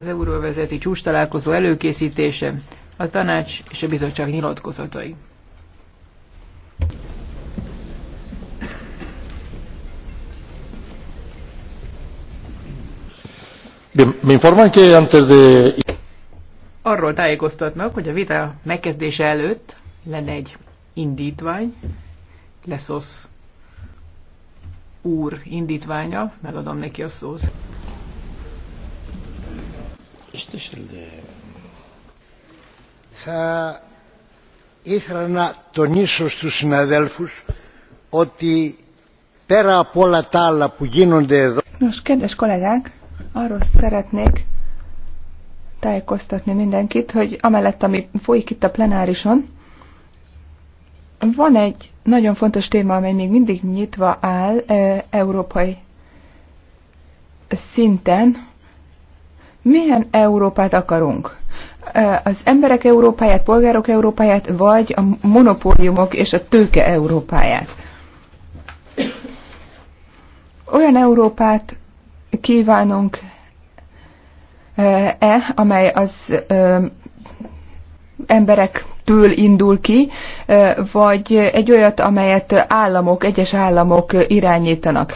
az euróvezeti csúcs találkozó előkészítése, a tanács és a bizottság nyilatkozatai. Arról tájékoztatnak, hogy a vita megkezdése előtt lenne egy indítvány, lesz az úr indítványa, megadom neki a szót. Θα ήθελα να τονίσω στους συναδέλφους ότι πέρα από όλα τα άλλα που γίνονται εδώ... Nos, kedves kollégák, arról szeretnék tájékoztatni mindenkit, hogy amellett, ami folyik itt a plenárison, van egy nagyon fontos téma, amely még mindig nyitva áll e, európai szinten, milyen Európát akarunk? Az emberek Európáját, polgárok Európáját, vagy a monopóliumok és a tőke Európáját? Olyan Európát kívánunk-e, amely az emberektől indul ki, vagy egy olyat, amelyet államok, egyes államok irányítanak.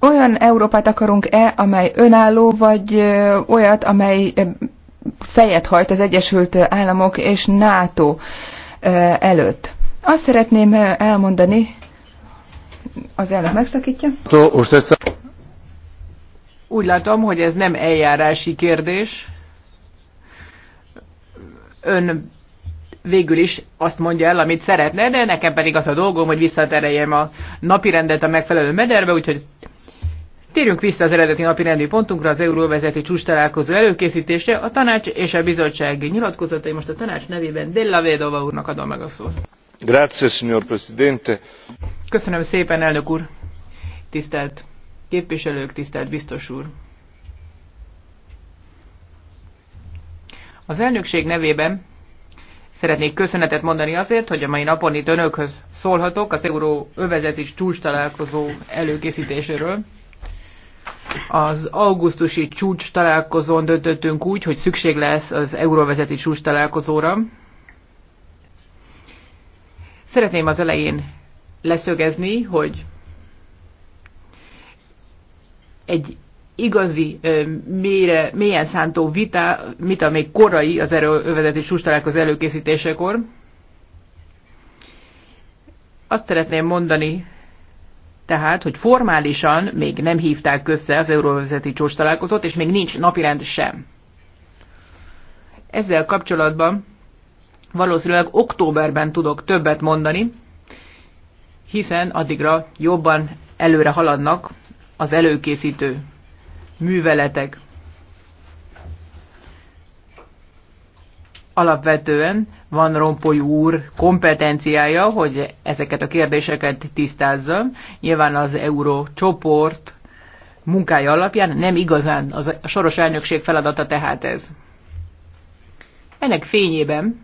Olyan Európát akarunk-e, amely önálló, vagy olyat, amely fejet hajt az Egyesült Államok és NATO előtt? Azt szeretném elmondani, az elnök megszakítja. Úgy látom, hogy ez nem eljárási kérdés. Ön végül is azt mondja el, amit szeretne, de nekem pedig az a dolgom, hogy visszatereljem a napirendet a megfelelő mederbe, úgyhogy Térjünk vissza az eredeti napi rendi pontunkra, az euróvezeti csúcs találkozó előkészítésre, a tanács és a bizottság nyilatkozatai. Most a tanács nevében Della Vedova úrnak adom meg a szót. Grazie, signor Presidente. Köszönöm szépen, elnök úr. Tisztelt képviselők, tisztelt biztos úr. Az elnökség nevében Szeretnék köszönetet mondani azért, hogy a mai napon itt önökhöz szólhatok az Euró övezeti csúcs találkozó előkészítéséről. Az augusztusi csúcs találkozón döntöttünk úgy, hogy szükség lesz az euróvezeti csúcs találkozóra. Szeretném az elején leszögezni, hogy egy igazi mélyre, mélyen szántó vita, a még korai az erőövezeti csúcs találkozó előkészítésekor. Azt szeretném mondani tehát, hogy formálisan még nem hívták össze az euróvezeti csúcs találkozót, és még nincs napirend sem. Ezzel kapcsolatban valószínűleg októberben tudok többet mondani, hiszen addigra jobban előre haladnak az előkészítő műveletek. alapvetően Van Rompoly úr kompetenciája, hogy ezeket a kérdéseket tisztázza. Nyilván az euró csoport munkája alapján nem igazán az a soros elnökség feladata tehát ez. Ennek fényében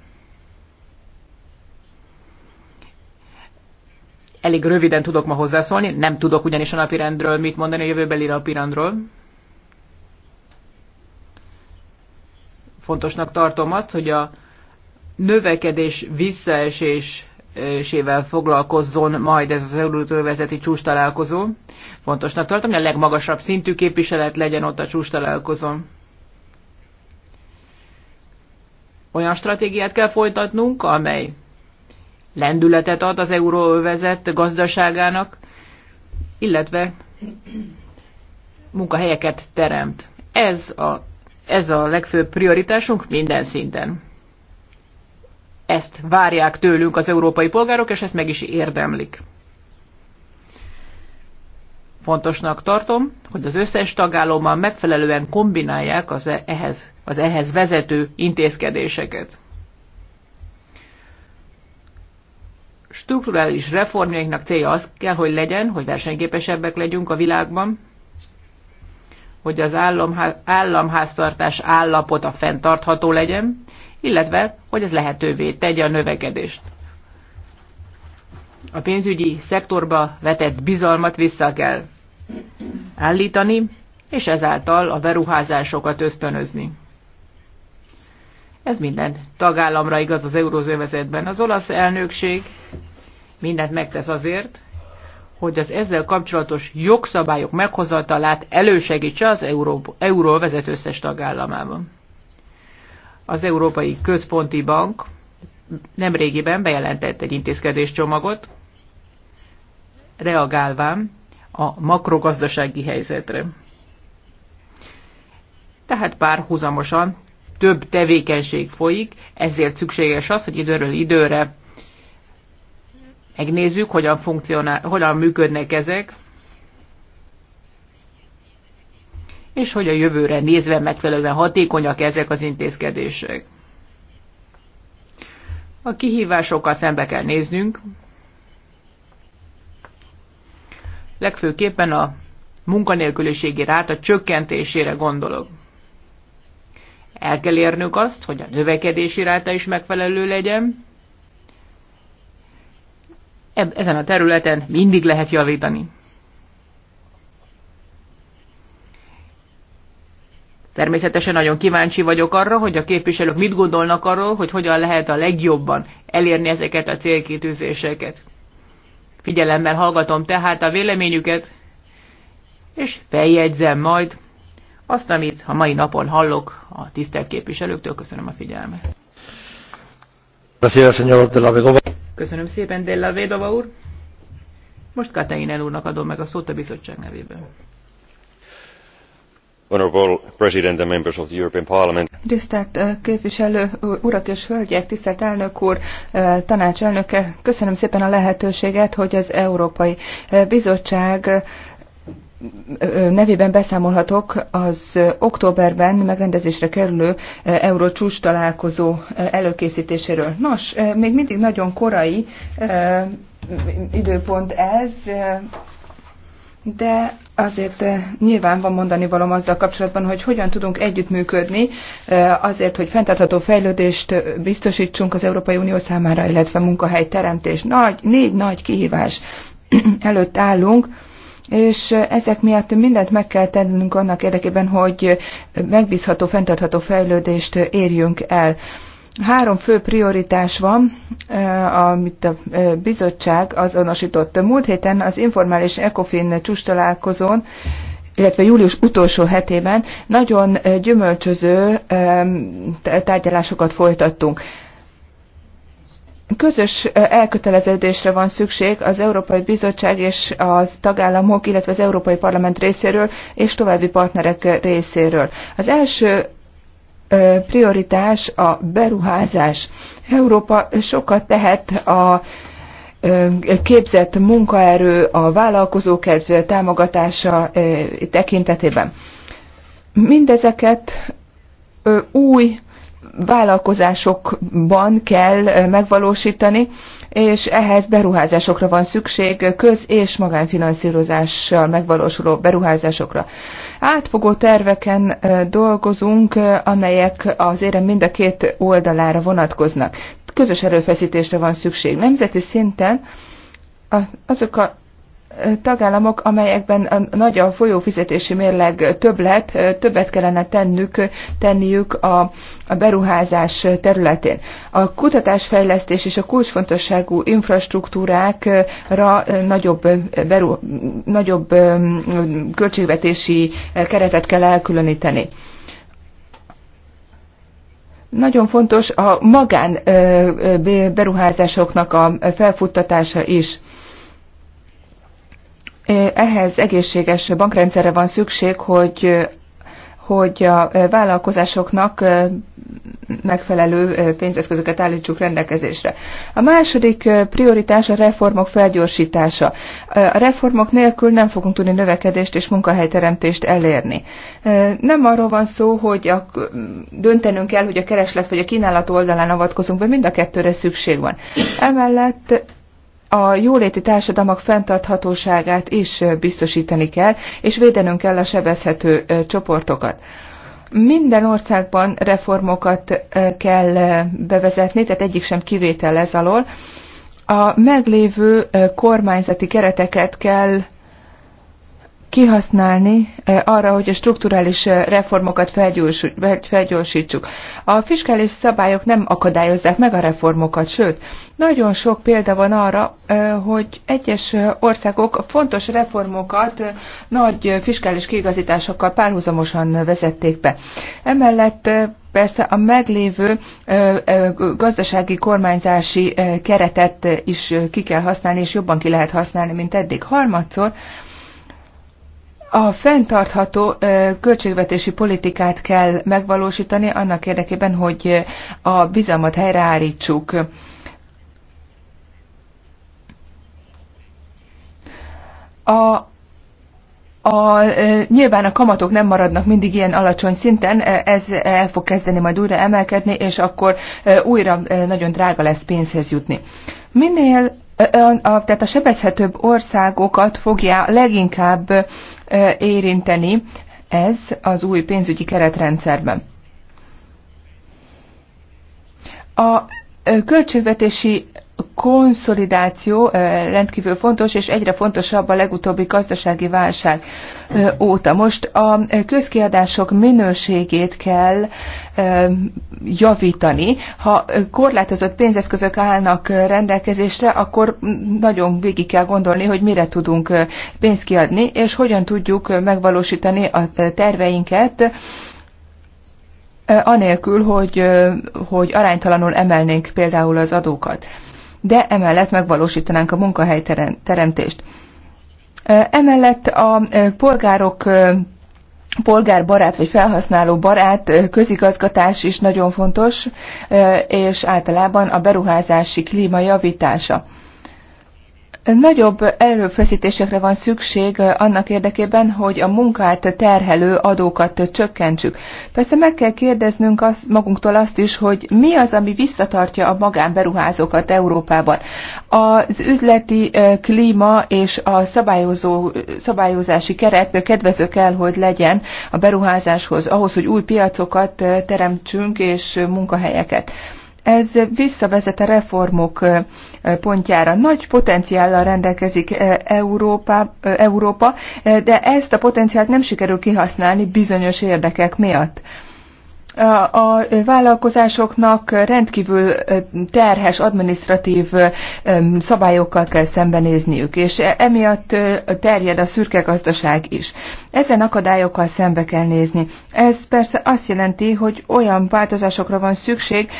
elég röviden tudok ma hozzászólni, nem tudok ugyanis a napirendről mit mondani a jövőbeli napirendről. Fontosnak tartom azt, hogy a növekedés visszaesésével foglalkozzon majd ez az euróvezeti csúcs találkozó. Fontosnak tartom, hogy a legmagasabb szintű képviselet legyen ott a csúcs találkozón. Olyan stratégiát kell folytatnunk, amely lendületet ad az euróövezet gazdaságának, illetve munkahelyeket teremt. Ez a ez a legfőbb prioritásunk minden szinten. Ezt várják tőlünk az európai polgárok, és ezt meg is érdemlik. Fontosnak tartom, hogy az összes tagállommal megfelelően kombinálják az e- ehhez, az ehhez vezető intézkedéseket. Strukturális reformjainknak célja az kell, hogy legyen, hogy versenyképesebbek legyünk a világban, hogy az államháztartás állapota fenntartható legyen, illetve hogy ez lehetővé tegye a növekedést. A pénzügyi szektorba vetett bizalmat vissza kell állítani, és ezáltal a beruházásokat ösztönözni. Ez minden tagállamra igaz az eurózövezetben. Az olasz elnökség mindent megtesz azért, hogy az ezzel kapcsolatos jogszabályok meghozatalát elősegítse az Euró, Euró vezető összes tagállamában. Az Európai Központi Bank nemrégiben bejelentett egy intézkedéscsomagot, reagálván a makrogazdasági helyzetre. Tehát párhuzamosan több tevékenység folyik, ezért szükséges az, hogy időről időre Megnézzük, hogyan, funkcionál, hogyan működnek ezek, és hogy a jövőre nézve megfelelően hatékonyak ezek az intézkedések. A kihívásokkal szembe kell néznünk, legfőképpen a munkanélküliségi ráta csökkentésére gondolok. El kell érnünk azt, hogy a növekedési ráta is megfelelő legyen, ezen a területen mindig lehet javítani. Természetesen nagyon kíváncsi vagyok arra, hogy a képviselők mit gondolnak arról, hogy hogyan lehet a legjobban elérni ezeket a célkitűzéseket. Figyelemmel hallgatom tehát a véleményüket, és feljegyzem majd azt, amit a mai napon hallok a tisztelt képviselőktől. Köszönöm a figyelmet. Köszönöm, Köszönöm szépen, Della Védova úr. Most Katainen úrnak adom meg a szót a bizottság nevében. Honorable President and members of the European Parliament. Tisztelt képviselő urak és hölgyek, tisztelt elnök úr, tanácselnöke, köszönöm szépen a lehetőséget, hogy az Európai Bizottság nevében beszámolhatok az októberben megrendezésre kerülő e, Eurocsúcs találkozó e, előkészítéséről. Nos, e, még mindig nagyon korai időpont ez, de azért nyilván van mondani valam azzal kapcsolatban, hogy hogyan tudunk együttműködni azért, hogy fenntartható fejlődést biztosítsunk az Európai Unió számára, illetve munkahely teremtés. Nagy, négy nagy kihívás előtt állunk és ezek miatt mindent meg kell tennünk annak érdekében, hogy megbízható, fenntartható fejlődést érjünk el. Három fő prioritás van, amit a bizottság azonosított. Múlt héten az informális ECOFIN csúcs találkozón illetve július utolsó hetében nagyon gyümölcsöző tárgyalásokat folytattunk. Közös elköteleződésre van szükség az Európai Bizottság és a tagállamok, illetve az Európai Parlament részéről és további partnerek részéről. Az első prioritás a beruházás. Európa sokat tehet a képzett munkaerő, a vállalkozókedv támogatása tekintetében. Mindezeket új vállalkozásokban kell megvalósítani, és ehhez beruházásokra van szükség, köz- és magánfinanszírozással megvalósuló beruházásokra. Átfogó terveken dolgozunk, amelyek az érem mind a két oldalára vonatkoznak. Közös erőfeszítésre van szükség. Nemzeti szinten azok a tagállamok, amelyekben a nagy a folyófizetési mérleg többlet, többet kellene tennük, tenniük a, a beruházás területén. A kutatásfejlesztés és a kulcsfontosságú infrastruktúrákra nagyobb, beru, nagyobb költségvetési keretet kell elkülöníteni nagyon fontos a magán beruházásoknak a felfuttatása is ehhez egészséges bankrendszerre van szükség, hogy hogy a vállalkozásoknak megfelelő pénzeszközöket állítsuk rendelkezésre. A második prioritás a reformok felgyorsítása. A reformok nélkül nem fogunk tudni növekedést és munkahelyteremtést elérni. Nem arról van szó, hogy a, döntenünk kell, hogy a kereslet vagy a kínálat oldalán avatkozunk be, mind a kettőre szükség van. Emellett a jóléti társadalmak fenntarthatóságát is biztosítani kell, és védenünk kell a sebezhető csoportokat. Minden országban reformokat kell bevezetni, tehát egyik sem kivétel ez alól. A meglévő kormányzati kereteket kell kihasználni eh, arra, hogy a strukturális eh, reformokat felgyorsítsuk. A fiskális szabályok nem akadályozzák meg a reformokat, sőt, nagyon sok példa van arra, eh, hogy egyes országok fontos reformokat nagy fiskális kiigazításokkal párhuzamosan vezették be. Emellett persze a meglévő gazdasági kormányzási keretet is ki kell használni, és jobban ki lehet használni, mint eddig. Harmadszor, a fenntartható költségvetési politikát kell megvalósítani annak érdekében, hogy a bizalmat helyreállítsuk. A a, nyilván a kamatok nem maradnak mindig ilyen alacsony szinten, ez el fog kezdeni majd újra emelkedni, és akkor újra nagyon drága lesz pénzhez jutni. Minél a, tehát a sebezhetőbb országokat fogja leginkább érinteni ez az új pénzügyi keretrendszerben. A költségvetési konszolidáció rendkívül fontos, és egyre fontosabb a legutóbbi gazdasági válság óta. Most a közkiadások minőségét kell javítani. Ha korlátozott pénzeszközök állnak rendelkezésre, akkor nagyon végig kell gondolni, hogy mire tudunk pénzt kiadni, és hogyan tudjuk megvalósítani a terveinket, anélkül, hogy, hogy aránytalanul emelnénk például az adókat de emellett megvalósítanánk a munkahelyteremtést. Emellett a polgárok polgárbarát vagy felhasználó barát közigazgatás is nagyon fontos, és általában a beruházási klíma javítása. Nagyobb erőfeszítésekre van szükség eh, annak érdekében, hogy a munkát terhelő adókat csökkentsük. Persze meg kell kérdeznünk az, magunktól azt is, hogy mi az, ami visszatartja a magánberuházókat Európában. Az üzleti eh, klíma és a szabályozó, szabályozási keret kedvező kell, hogy legyen a beruházáshoz, ahhoz, hogy új piacokat eh, teremtsünk és munkahelyeket. Ez visszavezet a reformok pontjára. Nagy potenciállal rendelkezik Európa, Európa, de ezt a potenciált nem sikerül kihasználni bizonyos érdekek miatt. A vállalkozásoknak rendkívül terhes adminisztratív szabályokkal kell szembenézniük, és e, emiatt terjed a szürke gazdaság is. Ezen akadályokkal szembe kell nézni. Ez persze azt jelenti, hogy olyan változásokra van szükség,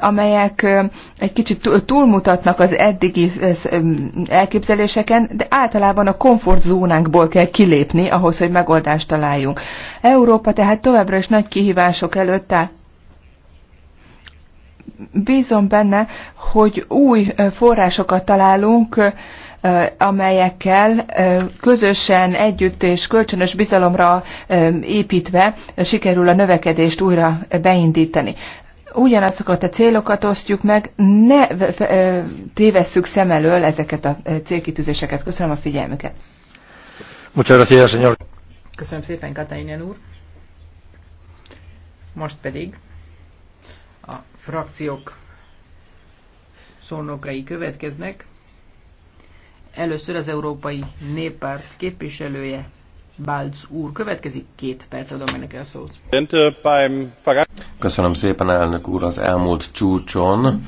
amelyek egy kicsit túlmutatnak az eddigi elképzeléseken, de általában a komfortzónánkból kell kilépni ahhoz, hogy megoldást találjunk. Európa tehát továbbra is nagy kihívások előtt áll bízom benne, hogy új forrásokat találunk, amelyekkel közösen, együtt és kölcsönös bizalomra építve sikerül a növekedést újra beindítani ugyanazokat a célokat osztjuk meg, ne tévesszük szem elől ezeket a célkitűzéseket. Köszönöm a figyelmüket. Köszönöm szépen, Katainen úr. Most pedig a frakciók szónokai következnek. Először az Európai Néppárt képviselője, Balc úr. Következik két perc, adom ennek el szót. Köszönöm szépen, elnök úr, az elmúlt csúcson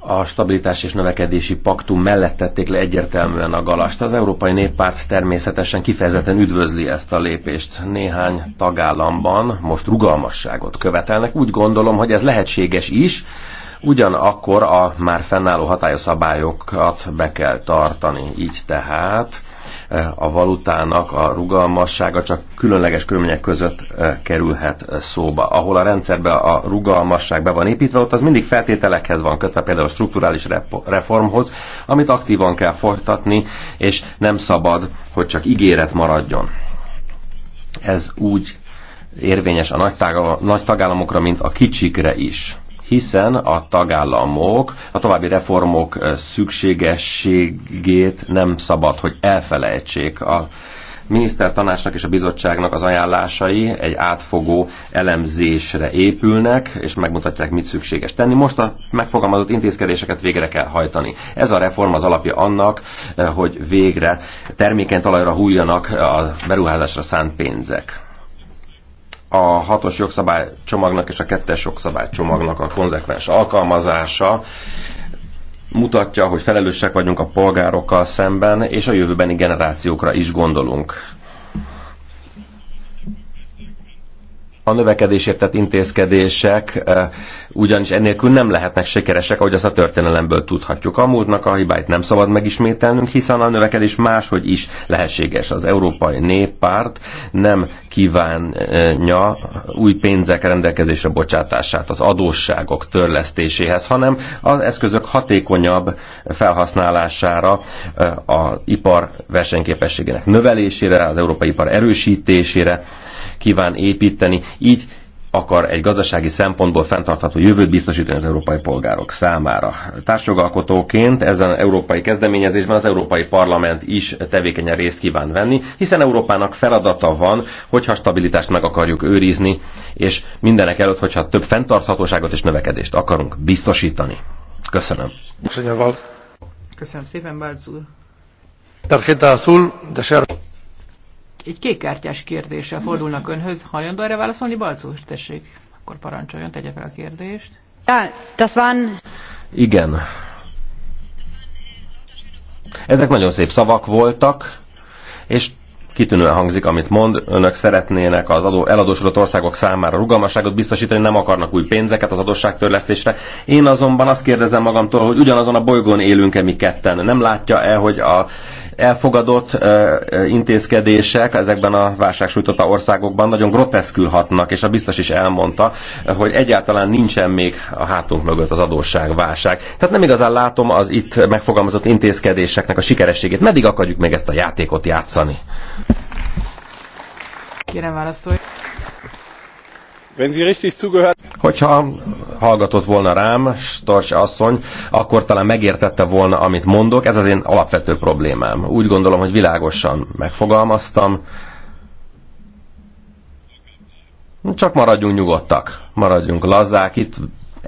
a stabilitás és növekedési paktum mellett tették le egyértelműen a galast. Az Európai Néppárt természetesen kifejezetten üdvözli ezt a lépést. Néhány tagállamban most rugalmasságot követelnek. Úgy gondolom, hogy ez lehetséges is, Ugyanakkor a már fennálló hatályos be kell tartani. Így tehát eh, a valutának a rugalmassága csak különleges körülmények között eh, kerülhet szóba. Ahol a rendszerbe a rugalmasság be van építve, ott az mindig feltételekhez van kötve, például a strukturális reformhoz, amit aktívan kell folytatni, és nem szabad, hogy csak ígéret maradjon. Ez úgy érvényes a nagy tagállamokra, mint a kicsikre is hiszen a tagállamok a további reformok szükségességét nem szabad, hogy elfelejtsék. A minisztertanácsnak és a bizottságnak az ajánlásai egy átfogó elemzésre épülnek, és megmutatják, mit szükséges tenni. Most a megfogalmazott intézkedéseket végre kell hajtani. Ez a reform az alapja annak, hogy végre termékeny talajra hújjanak a beruházásra szánt pénzek a hatos csomagnak és a kettes csomagnak a konzekvens alkalmazása mutatja, hogy felelősek vagyunk a polgárokkal szemben, és a jövőbeni generációkra is gondolunk. A növekedésért tett intézkedések eh, ugyanis ennélkül nem lehetnek sikeresek, ahogy azt a történelemből tudhatjuk. A múltnak a hibáit nem szabad megismételnünk, hiszen a növekedés máshogy is lehetséges. Az Európai Néppárt nem kívánja új pénzek rendelkezésre bocsátását az adósságok törlesztéséhez, hanem az eszközök hatékonyabb felhasználására, eh, az ipar versenyképességének növelésére, az európai ipar erősítésére kíván építeni, így akar egy gazdasági szempontból fenntartható jövőt biztosítani az európai polgárok számára. Társjogalkotóként ezen európai kezdeményezésben az Európai Parlament is tevékenyen részt kíván venni, hiszen Európának feladata van, hogyha stabilitást meg akarjuk őrizni, és mindenek előtt, hogyha több fenntarthatóságot és növekedést akarunk biztosítani. Köszönöm. Köszönöm szépen, Bárc úr. Tarjeta azul, de egy kékkártyás kérdéssel fordulnak önhöz. Hajlandó erre válaszolni, Balcó? Tessék, akkor parancsoljon, tegye fel a kérdést. Ja, das van. Igen. Ezek nagyon szép szavak voltak, és kitűnően hangzik, amit mond. Önök szeretnének az adó, eladósodott országok számára rugalmasságot biztosítani, nem akarnak új pénzeket az adósságtörlesztésre. Én azonban azt kérdezem magamtól, hogy ugyanazon a bolygón élünk-e mi ketten. Nem látja-e, hogy a elfogadott intézkedések ezekben a válságsújtotta országokban nagyon groteszkül hatnak, és a biztos is elmondta, hogy egyáltalán nincsen még a hátunk mögött az adósságválság. Tehát nem igazán látom az itt megfogalmazott intézkedéseknek a sikerességét. Meddig akarjuk még ezt a játékot játszani? Kérem válaszolj. Wenn Sie richtig zugehört... Hogyha hallgatott volna rám, Storch asszony, akkor talán megértette volna, amit mondok. Ez az én alapvető problémám. Úgy gondolom, hogy világosan megfogalmaztam. Csak maradjunk nyugodtak, maradjunk lazák. Itt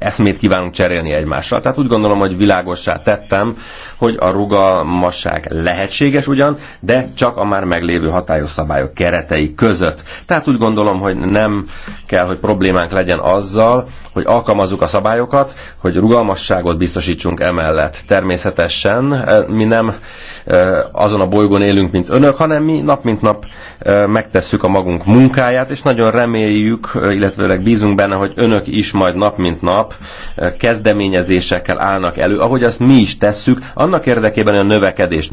eszmét kívánunk cserélni egymással. Tehát úgy gondolom, hogy világossá tettem, hogy a rugalmasság lehetséges ugyan, de csak a már meglévő hatályos szabályok keretei között. Tehát úgy gondolom, hogy nem kell, hogy problémánk legyen azzal, hogy alkalmazzuk a szabályokat, hogy rugalmasságot biztosítsunk emellett. Természetesen eh, mi nem eh, azon a bolygón élünk, mint önök, hanem mi nap mint nap eh, megtesszük a magunk munkáját, és nagyon reméljük, illetve bízunk benne, hogy önök is majd nap mint nap kezdeményezésekkel állnak elő, ahogy azt mi is tesszük, annak érdekében, hogy a növekedés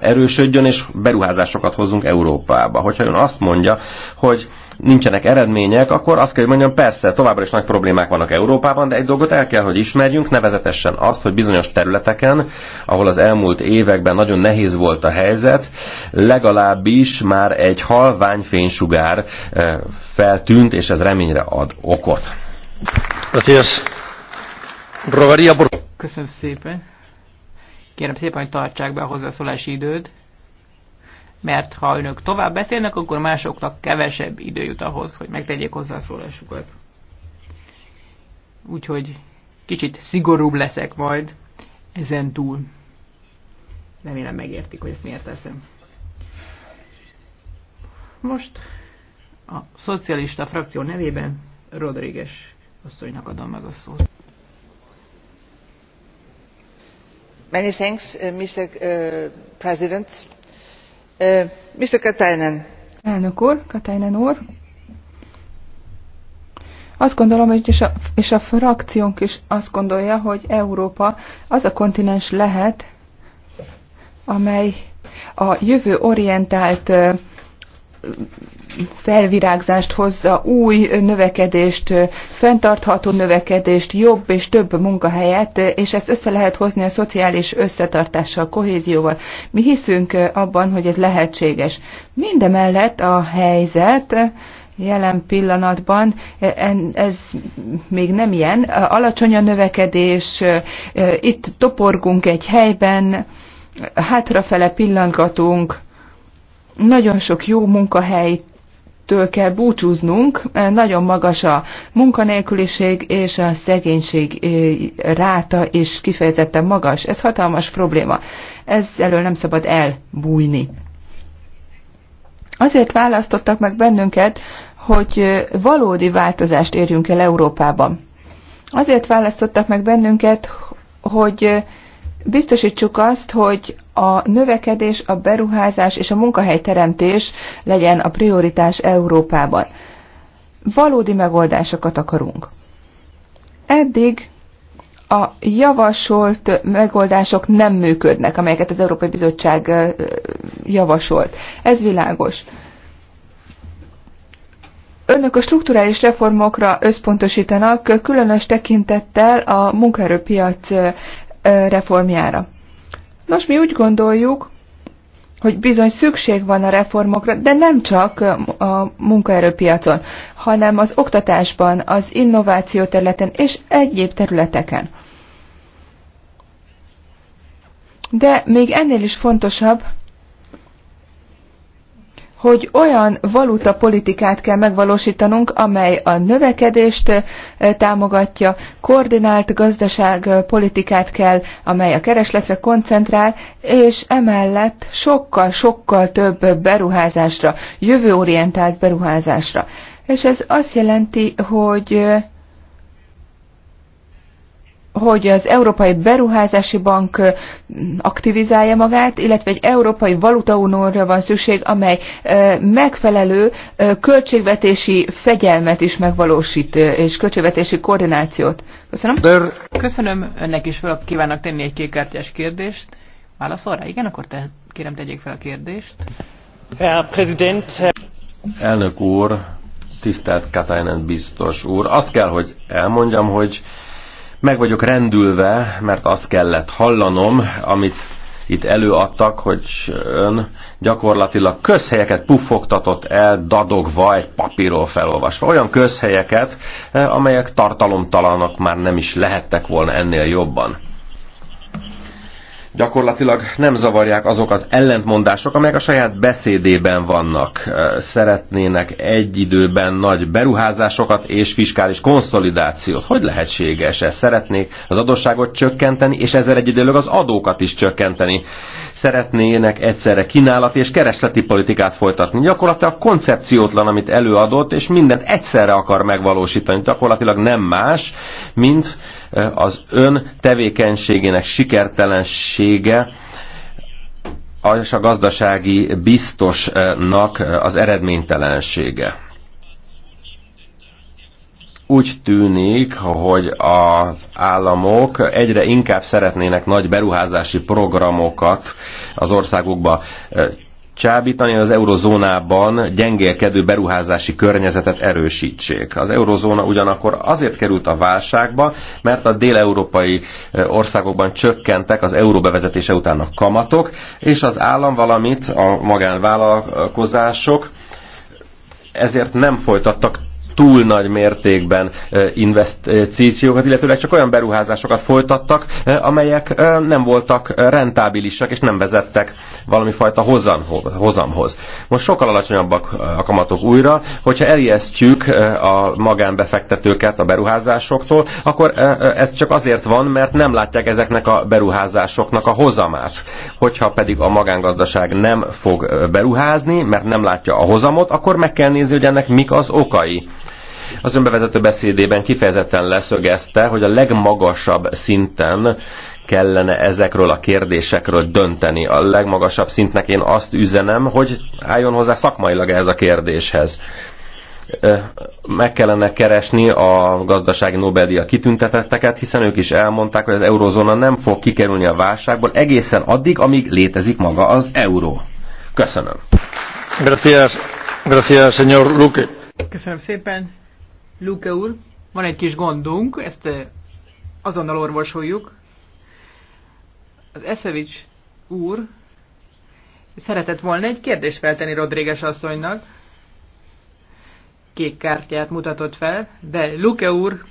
erősödjön, és beruházásokat hozzunk Európába. Hogyha ön azt mondja, hogy nincsenek eredmények, akkor azt kell, hogy mondjam, persze, továbbra is nagy problémák vannak Európában, de egy dolgot el kell, hogy ismerjünk, nevezetesen azt, hogy bizonyos területeken, ahol az elmúlt években nagyon nehéz volt a helyzet, legalábbis már egy halvány fénysugár eh, feltűnt, és ez reményre ad okot. Köszönöm szépen. Kérem szépen, hogy tartsák be a hozzászólási időt mert ha önök tovább beszélnek, akkor másoknak kevesebb idő jut ahhoz, hogy megtegyék hozzászólásukat. Úgyhogy kicsit szigorúbb leszek majd ezen túl. Remélem megértik, hogy ezt miért teszem. Most a szocialista frakció nevében Rodríguez asszonynak adom meg a szót. Many thanks, uh, Mr. Uh, President. Elnök úr, Katainen úr. Azt gondolom, hogy és a, és a frakciónk is azt gondolja, hogy Európa az a kontinens lehet, amely a jövő orientált felvirágzást hozza, új növekedést, fenntartható növekedést, jobb és több munkahelyet, és ezt össze lehet hozni a szociális összetartással, kohézióval. Mi hiszünk abban, hogy ez lehetséges. Mindemellett a helyzet, jelen pillanatban ez még nem ilyen. Alacsony a növekedés, itt toporgunk egy helyben, hátrafele pillangatunk, nagyon sok jó munkahelyt ettől kell búcsúznunk, nagyon magas a munkanélküliség és a szegénység ráta is kifejezetten magas. Ez hatalmas probléma. Ez elől nem szabad elbújni. Azért választottak meg bennünket, hogy valódi változást érjünk el Európában. Azért választottak meg bennünket, hogy biztosítsuk azt, hogy a növekedés, a beruházás és a munkahelyteremtés legyen a prioritás Európában. Valódi megoldásokat akarunk. Eddig a javasolt megoldások nem működnek, amelyeket az Európai Bizottság javasolt. Ez világos. Önök a strukturális reformokra összpontosítanak, különös tekintettel a munkaerőpiac reformjára. Nos, mi úgy gondoljuk, hogy bizony szükség van a reformokra, de nem csak a munkaerőpiacon, hanem az oktatásban, az innováció területen és egyéb területeken. De még ennél is fontosabb, hogy olyan valuta politikát kell megvalósítanunk, amely a növekedést eh, támogatja, koordinált gazdaságpolitikát eh, kell, amely a keresletre koncentrál, és emellett sokkal-sokkal több beruházásra, jövőorientált beruházásra. És ez azt jelenti, hogy eh, hogy az Európai Beruházási Bank aktivizálja magát, illetve egy Európai Valutaunóra van szükség, amely megfelelő költségvetési fegyelmet is megvalósít, és költségvetési koordinációt. Köszönöm. De... Köszönöm, önnek is fel kívánok tenni egy kékkártyás kérdést. Válaszol rá? Igen, akkor te, kérem tegyék fel a kérdést. Herr Präsident, Elnök úr, tisztelt Katainen biztos úr, azt kell, hogy elmondjam, hogy meg vagyok rendülve, mert azt kellett hallanom, amit itt előadtak, hogy ön gyakorlatilag közhelyeket puffogtatott el, dadogva, egy papírról felolvasva. Olyan közhelyeket, eh, amelyek tartalomtalanak már nem is lehettek volna ennél jobban gyakorlatilag nem zavarják azok az ellentmondások, amelyek a saját beszédében vannak. Szeretnének egy időben nagy beruházásokat és fiskális konszolidációt. Hogy lehetséges ez? Szeretnék az adósságot csökkenteni, és ezzel egyidőleg az adókat is csökkenteni. Szeretnének egyszerre kínálati és keresleti politikát folytatni. Gyakorlatilag koncepciótlan, amit előadott, és mindent egyszerre akar megvalósítani. Gyakorlatilag nem más, mint Eh, az ön tevékenységének sikertelensége és a gazdasági biztosnak eh, az eredménytelensége. Úgy tűnik, hogy az államok egyre inkább szeretnének nagy beruházási programokat az országukba eh, csábítani, az eurozónában gyengélkedő beruházási környezetet erősítsék. Az eurozóna ugyanakkor azért került a válságba, mert a déleurópai eh, országokban csökkentek az euróbevezetése után a kamatok, és az állam, valamit a magánvállalkozások ezért nem folytattak túl nagy mértékben investíciókat, illetőleg csak olyan beruházásokat folytattak, amelyek nem voltak rentábilisak és nem vezettek valami fajta hozamhoz. Most sokkal alacsonyabbak a kamatok újra, hogyha eljesztjük a magánbefektetőket a beruházásoktól, akkor ez csak azért van, mert nem látják ezeknek a beruházásoknak a hozamát. Hogyha pedig a magángazdaság nem fog beruházni, mert nem látja a hozamot, akkor meg kell nézni, hogy ennek mik az okai. Az önbevezető beszédében kifejezetten leszögezte, hogy a legmagasabb szinten kellene ezekről a kérdésekről dönteni. A legmagasabb szintnek én azt üzenem, hogy álljon hozzá szakmailag ez a kérdéshez meg kellene keresni a gazdasági Nobel-díja kitüntetetteket, hiszen ők is elmondták, hogy az eurozóna nem fog kikerülni a válságból egészen addig, amíg létezik maga az euró. Köszönöm. Gracias, gracias, señor Luque. Köszönöm szépen. Luke úr, van egy kis gondunk, ezt eh, azonnal orvosoljuk. Az Eszevics úr szeretett volna egy kérdést feltenni Rodríguez asszonynak. Kék kártyát mutatott fel, de Luke úr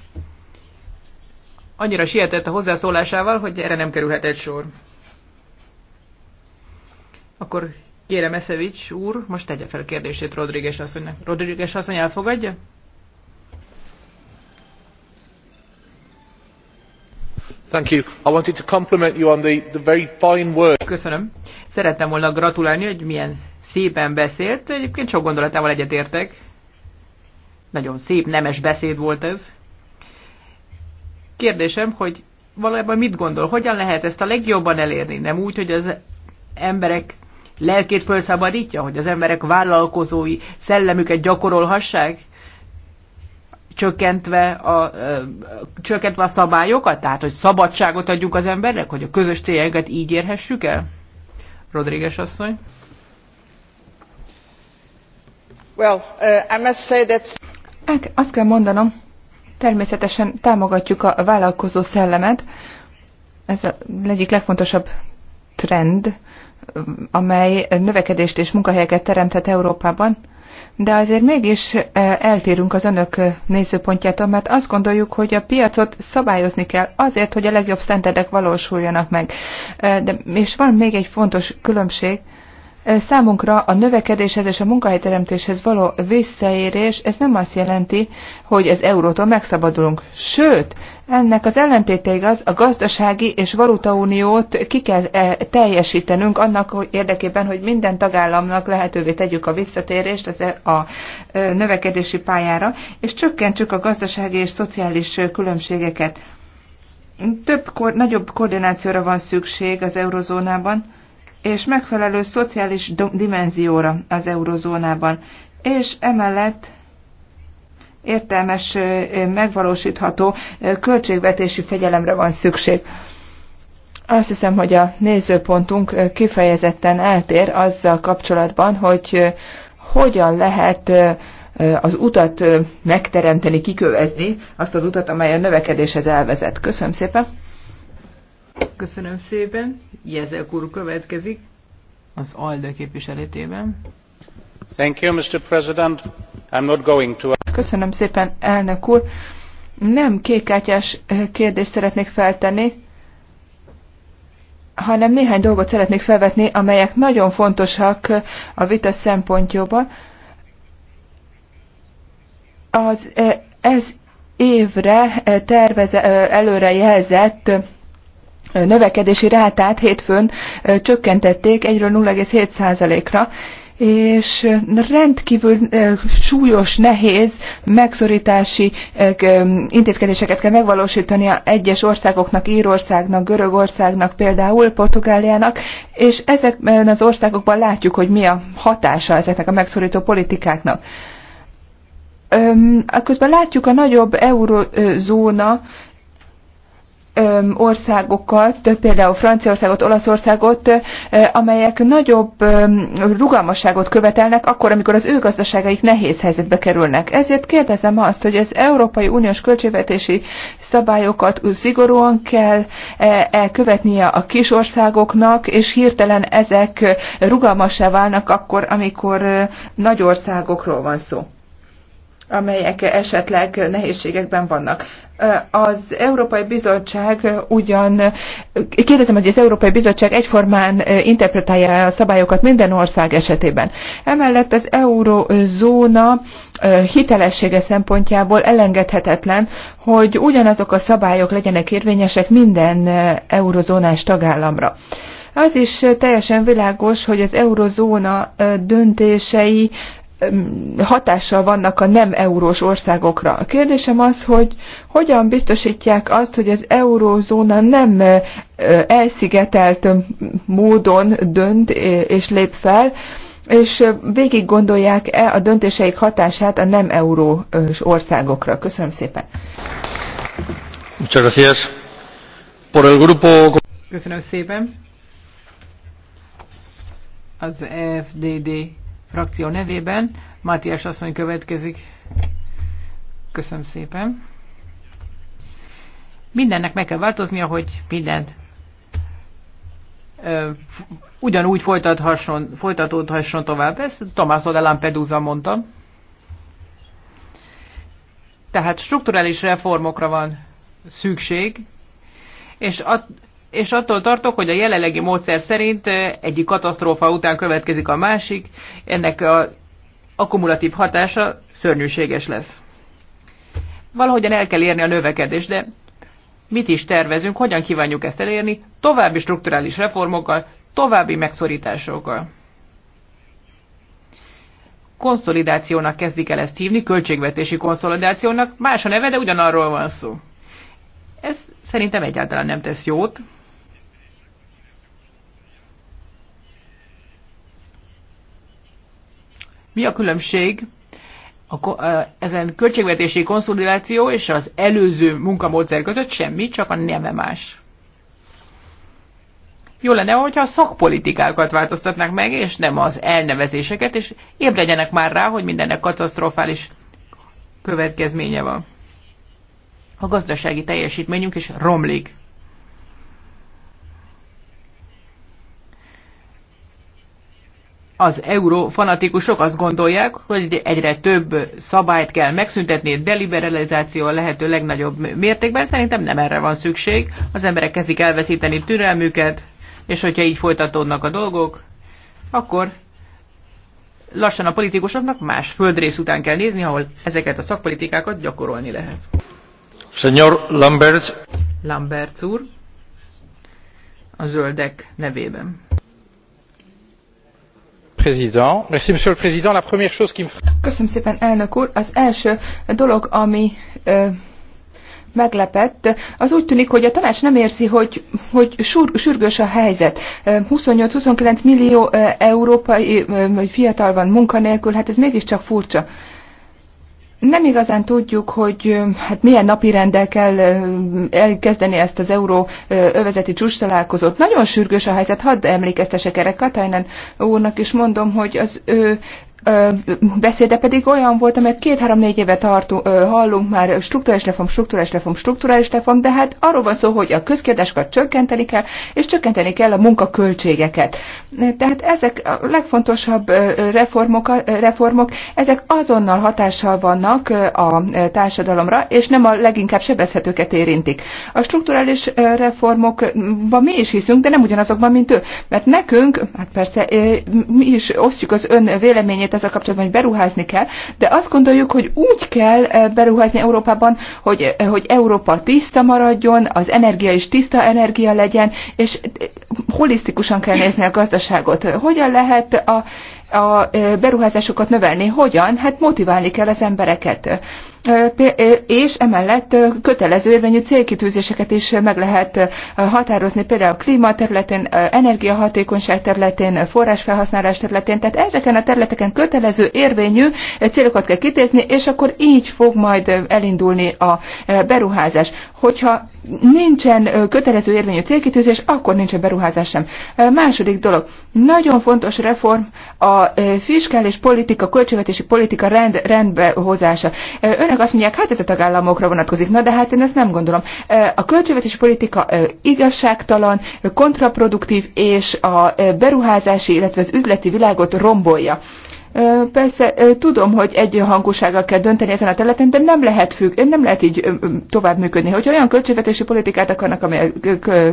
annyira sietett a hozzászólásával, hogy erre nem kerülhet egy sor. Akkor kérem Eszevics úr, most tegye fel a kérdését Rodríguez asszonynak. Rodríguez asszony elfogadja? Köszönöm. Szerettem volna gratulálni, hogy milyen szépen beszélt. Egyébként sok gondolatával egyetértek. Nagyon szép, nemes beszéd volt ez. Kérdésem, hogy valójában mit gondol, hogyan lehet ezt a legjobban elérni? Nem úgy, hogy az emberek lelkét felszabadítja, hogy az emberek vállalkozói szellemüket gyakorolhassák? csökkentve a, csökkentve a szabályokat, tehát hogy szabadságot adjuk az embernek, hogy a közös céljainkat így érhessük el? Rodríguez asszony. Well, uh, I must say that... Azt kell mondanom, természetesen támogatjuk a vállalkozó szellemet. Ez a egyik legfontosabb trend, amely növekedést és munkahelyeket teremthet Európában de azért mégis eh, eltérünk az önök eh, nézőpontjától, mert azt gondoljuk, hogy a piacot szabályozni kell azért, hogy a legjobb standardek valósuljanak meg. Eh, de, és van még egy fontos különbség, Számunkra a növekedéshez és a munkahelyteremtéshez való visszaérés, ez nem azt jelenti, hogy az eurótól megszabadulunk. Sőt, ennek az ellentéte igaz, a gazdasági és valutauniót ki kell e, teljesítenünk annak érdekében, hogy minden tagállamnak lehetővé tegyük a visszatérést az e, a növekedési pályára, és csökkentsük a gazdasági és szociális különbségeket. Több, nagyobb koordinációra van szükség az eurozónában és megfelelő szociális dimenzióra az eurozónában, és emellett értelmes, megvalósítható költségvetési fegyelemre van szükség. Azt hiszem, hogy a nézőpontunk kifejezetten eltér azzal kapcsolatban, hogy hogyan lehet az utat megteremteni, kikövezni, azt az utat, amely a növekedéshez elvezet. Köszönöm szépen! Köszönöm szépen. Jezek úr következik az ALDE képviseletében. Thank you, Mr. President. I'm not going to... Köszönöm szépen, elnök úr. Nem kékkártyás eh, kérdést szeretnék feltenni, hanem néhány dolgot szeretnék felvetni, amelyek nagyon fontosak eh, a vita szempontjából. Az eh, ez évre tervez, előre jelzett növekedési rátát hétfőn csökkentették egyről 0,7%-ra, és rendkívül súlyos, nehéz megszorítási intézkedéseket kell megvalósítani a egyes országoknak, Írországnak, Görögországnak, például Portugáliának, és ezekben az országokban látjuk, hogy mi a hatása ezeknek a megszorító politikáknak. Közben látjuk a nagyobb eurozóna országokat, például Franciaországot, Olaszországot, amelyek nagyobb rugalmasságot követelnek akkor, amikor az ő gazdaságaik nehéz helyzetbe kerülnek. Ezért kérdezem azt, hogy az Európai Uniós költségvetési szabályokat szigorúan kell e, elkövetnie a kis országoknak, és hirtelen ezek rugalmassá válnak akkor, amikor nagy országokról van szó amelyek esetleg nehézségekben vannak. Az Európai Bizottság ugyan, kérdezem, hogy az Európai Bizottság egyformán interpretálja a szabályokat minden ország esetében. Emellett az eurozóna hitelessége szempontjából elengedhetetlen, hogy ugyanazok a szabályok legyenek érvényesek minden eurozónás tagállamra. Az is teljesen világos, hogy az eurozóna döntései hatással vannak a nem eurós országokra. A kérdésem az, hogy hogyan biztosítják azt, hogy az eurózóna nem elszigetelt módon dönt és lép fel, és végig gondolják-e a döntéseik hatását a nem eurós országokra. Köszönöm szépen. Köszönöm szépen. Az FDD frakció nevében. Mátiás asszony következik. Köszönöm szépen. Mindennek meg kell változnia, hogy minden ugyanúgy folytathasson, folytatódhasson tovább. Tomás Odellán Pedúza mondta. Tehát strukturális reformokra van szükség, és a, és attól tartok, hogy a jelenlegi módszer szerint egyik katasztrófa után következik a másik, ennek a akkumulatív hatása szörnyűséges lesz. Valahogyan el kell érni a növekedést, de mit is tervezünk, hogyan kívánjuk ezt elérni, további strukturális reformokkal, további megszorításokkal. Konszolidációnak kezdik el ezt hívni, költségvetési konszolidációnak, más a neve, de ugyanarról van szó. Ez szerintem egyáltalán nem tesz jót. Mi a különbség a, ezen költségvetési konszolidáció és az előző munkamódszer között? Semmi, csak a neve más. Jó lenne, hogyha a szakpolitikákat változtatnák meg, és nem az elnevezéseket, és ébredjenek már rá, hogy mindennek katasztrofális következménye van. A gazdasági teljesítményünk is romlik. az eurofanatikusok azt gondolják, hogy egyre több szabályt kell megszüntetni, deliberalizáció a lehető legnagyobb mértékben. Szerintem nem erre van szükség. Az emberek kezdik elveszíteni türelmüket, és hogyha így folytatódnak a dolgok, akkor lassan a politikusoknak más földrész után kell nézni, ahol ezeket a szakpolitikákat gyakorolni lehet. Senyor Lambert. Lambert úr, a zöldek nevében. Köszönöm szépen, elnök úr. Az első dolog, ami ö, meglepett, az úgy tűnik, hogy a tanács nem érzi, hogy, hogy sur, sürgős a helyzet. 28-29 millió európai fiatal van munkanélkül, hát ez mégiscsak furcsa nem igazán tudjuk, hogy hát milyen rendel kell elkezdeni ezt az euró övezeti csúcs találkozót. Nagyon sürgős a helyzet, hadd emlékeztesek erre Katajnen úrnak is mondom, hogy az ő beszéde pedig olyan volt, amelyet két-három-négy éve tartunk, hallunk már, struktúrás reform, struktúrás reform, struktúrás reform, de hát arról van szó, hogy a közkérdéseket csökkenteni kell, és csökkenteni kell a munkaköltségeket. Tehát ezek a legfontosabb reformok, reformok, ezek azonnal hatással vannak a társadalomra, és nem a leginkább sebezhetőket érintik. A strukturális reformokban mi is hiszünk, de nem ugyanazokban, mint ő. Mert nekünk, hát persze mi is osztjuk az ön véleményét, véleményét ezzel kapcsolatban, hogy beruházni kell, de azt gondoljuk, hogy úgy kell eh, beruházni Európában, hogy, eh, hogy Európa tiszta maradjon, az energia is tiszta energia legyen, és eh, holisztikusan kell nézni a gazdaságot. Hogyan lehet a a beruházásokat növelni. Hogyan? Hát motiválni kell az embereket és emellett kötelező érvényű célkitűzéseket is meg lehet határozni, például a klíma területén, energiahatékonyság területén, forrásfelhasználás területén, tehát ezeken a területeken kötelező érvényű célokat kell kitézni, és akkor így fog majd elindulni a beruházás. Hogyha nincsen kötelező érvényű célkitűzés, akkor a beruházás sem. Második dolog, nagyon fontos reform a fiskális politika, költségvetési politika rend, rendbehozása. Ön önök azt mondják, hát ez a tagállamokra vonatkozik. Na de hát én ezt nem gondolom. A költségvetési politika igazságtalan, kontraproduktív, és a beruházási, illetve az üzleti világot rombolja. Persze tudom, hogy egy hangúsággal kell dönteni ezen a területen, de nem lehet, függ, nem lehet így tovább működni. Hogyha olyan költségvetési politikát akarnak, amely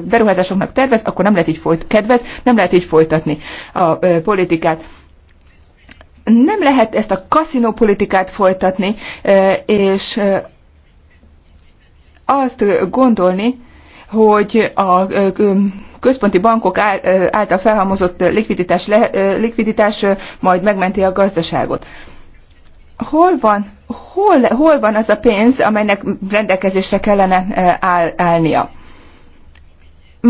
beruházásoknak tervez, akkor nem lehet így folyt, kedvez, nem lehet így folytatni a politikát nem lehet ezt a kaszinópolitikát folytatni, és azt gondolni, hogy a központi bankok által felhalmozott likviditás, likviditás majd megmenti a gazdaságot. Hol van, hol, hol van az a pénz, amelynek rendelkezésre kellene állnia?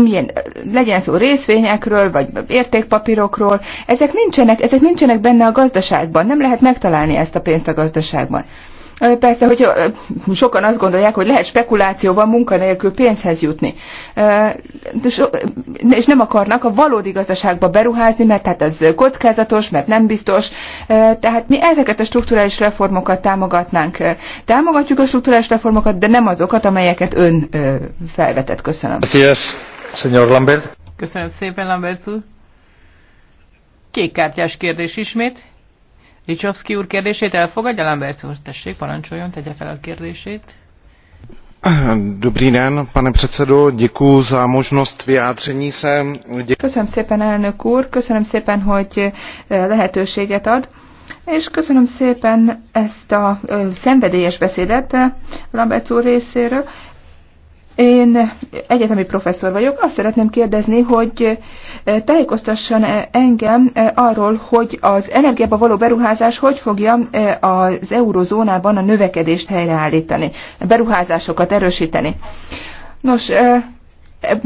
milyen, legyen szó részvényekről, vagy értékpapírokról, ezek nincsenek, ezek nincsenek benne a gazdaságban, nem lehet megtalálni ezt a pénzt a gazdaságban. Persze, hogy sokan azt gondolják, hogy lehet spekulációval munkanélkül pénzhez jutni, és nem akarnak a valódi gazdaságba beruházni, mert hát ez kockázatos, mert nem biztos. Tehát mi ezeket a strukturális reformokat támogatnánk. Támogatjuk a strukturális reformokat, de nem azokat, amelyeket ön felvetett. Köszönöm. Yes. Senyor Lambert. Köszönöm szépen, Lambert úr. Kékkártyás kérdés ismét. Licsovszki úr kérdését elfogadja, Lambert úr? Tessék, parancsoljon, tegye fel a kérdését. Dobrý den, pane předsedo, děkuji za možnost vyjádření se. Köszönöm szépen, elnök úr, köszönöm szépen, hogy eh, lehetőséget ad, és köszönöm szépen ezt a eh, szenvedélyes beszédet eh, Lambert úr részéről. Én egyetemi professzor vagyok. Azt szeretném kérdezni, hogy eh, tájékoztasson engem eh, arról, hogy az energiába való beruházás hogy fogja eh, az eurozónában a növekedést helyreállítani, beruházásokat erősíteni. Nos,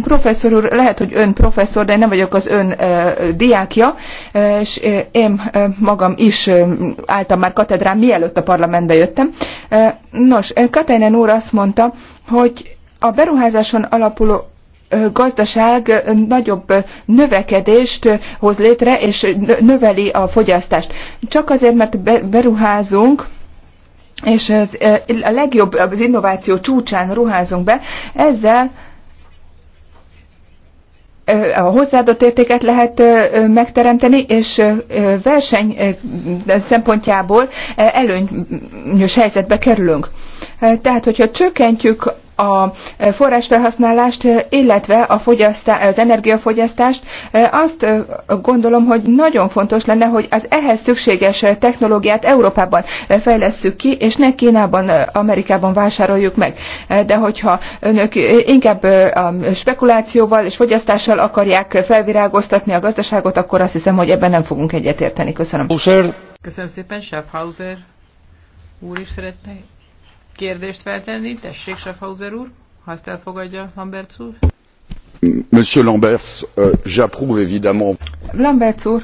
professzor úr, lehet, hogy ön professzor, de én nem vagyok az ön ö, diákja, és én magam is ö, álltam már katedrán, mielőtt a parlamentbe jöttem. nos, Katainen úr azt mondta, hogy a beruházáson alapuló gazdaság nagyobb növekedést hoz létre, és növeli a fogyasztást. Csak azért, mert beruházunk, és az, a legjobb az innováció csúcsán ruházunk be, ezzel a hozzáadott értéket lehet megteremteni, és verseny szempontjából előnyös helyzetbe kerülünk. Tehát, hogyha csökkentjük a forrásfelhasználást, illetve a az energiafogyasztást, azt gondolom, hogy nagyon fontos lenne, hogy az ehhez szükséges technológiát Európában fejlesszük ki, és ne Kínában, Amerikában vásároljuk meg. De hogyha önök inkább a spekulációval és fogyasztással akarják felvirágoztatni a gazdaságot, akkor azt hiszem, hogy ebben nem fogunk egyetérteni. Köszönöm. Köszönöm szépen, Schaffhauser úr is szeretné kérdést feltenni. Tessék, Schaffhauser úr, ha ezt elfogadja Lambert úr. Monsieur uh, j'approuve évidemment. Lambert úr,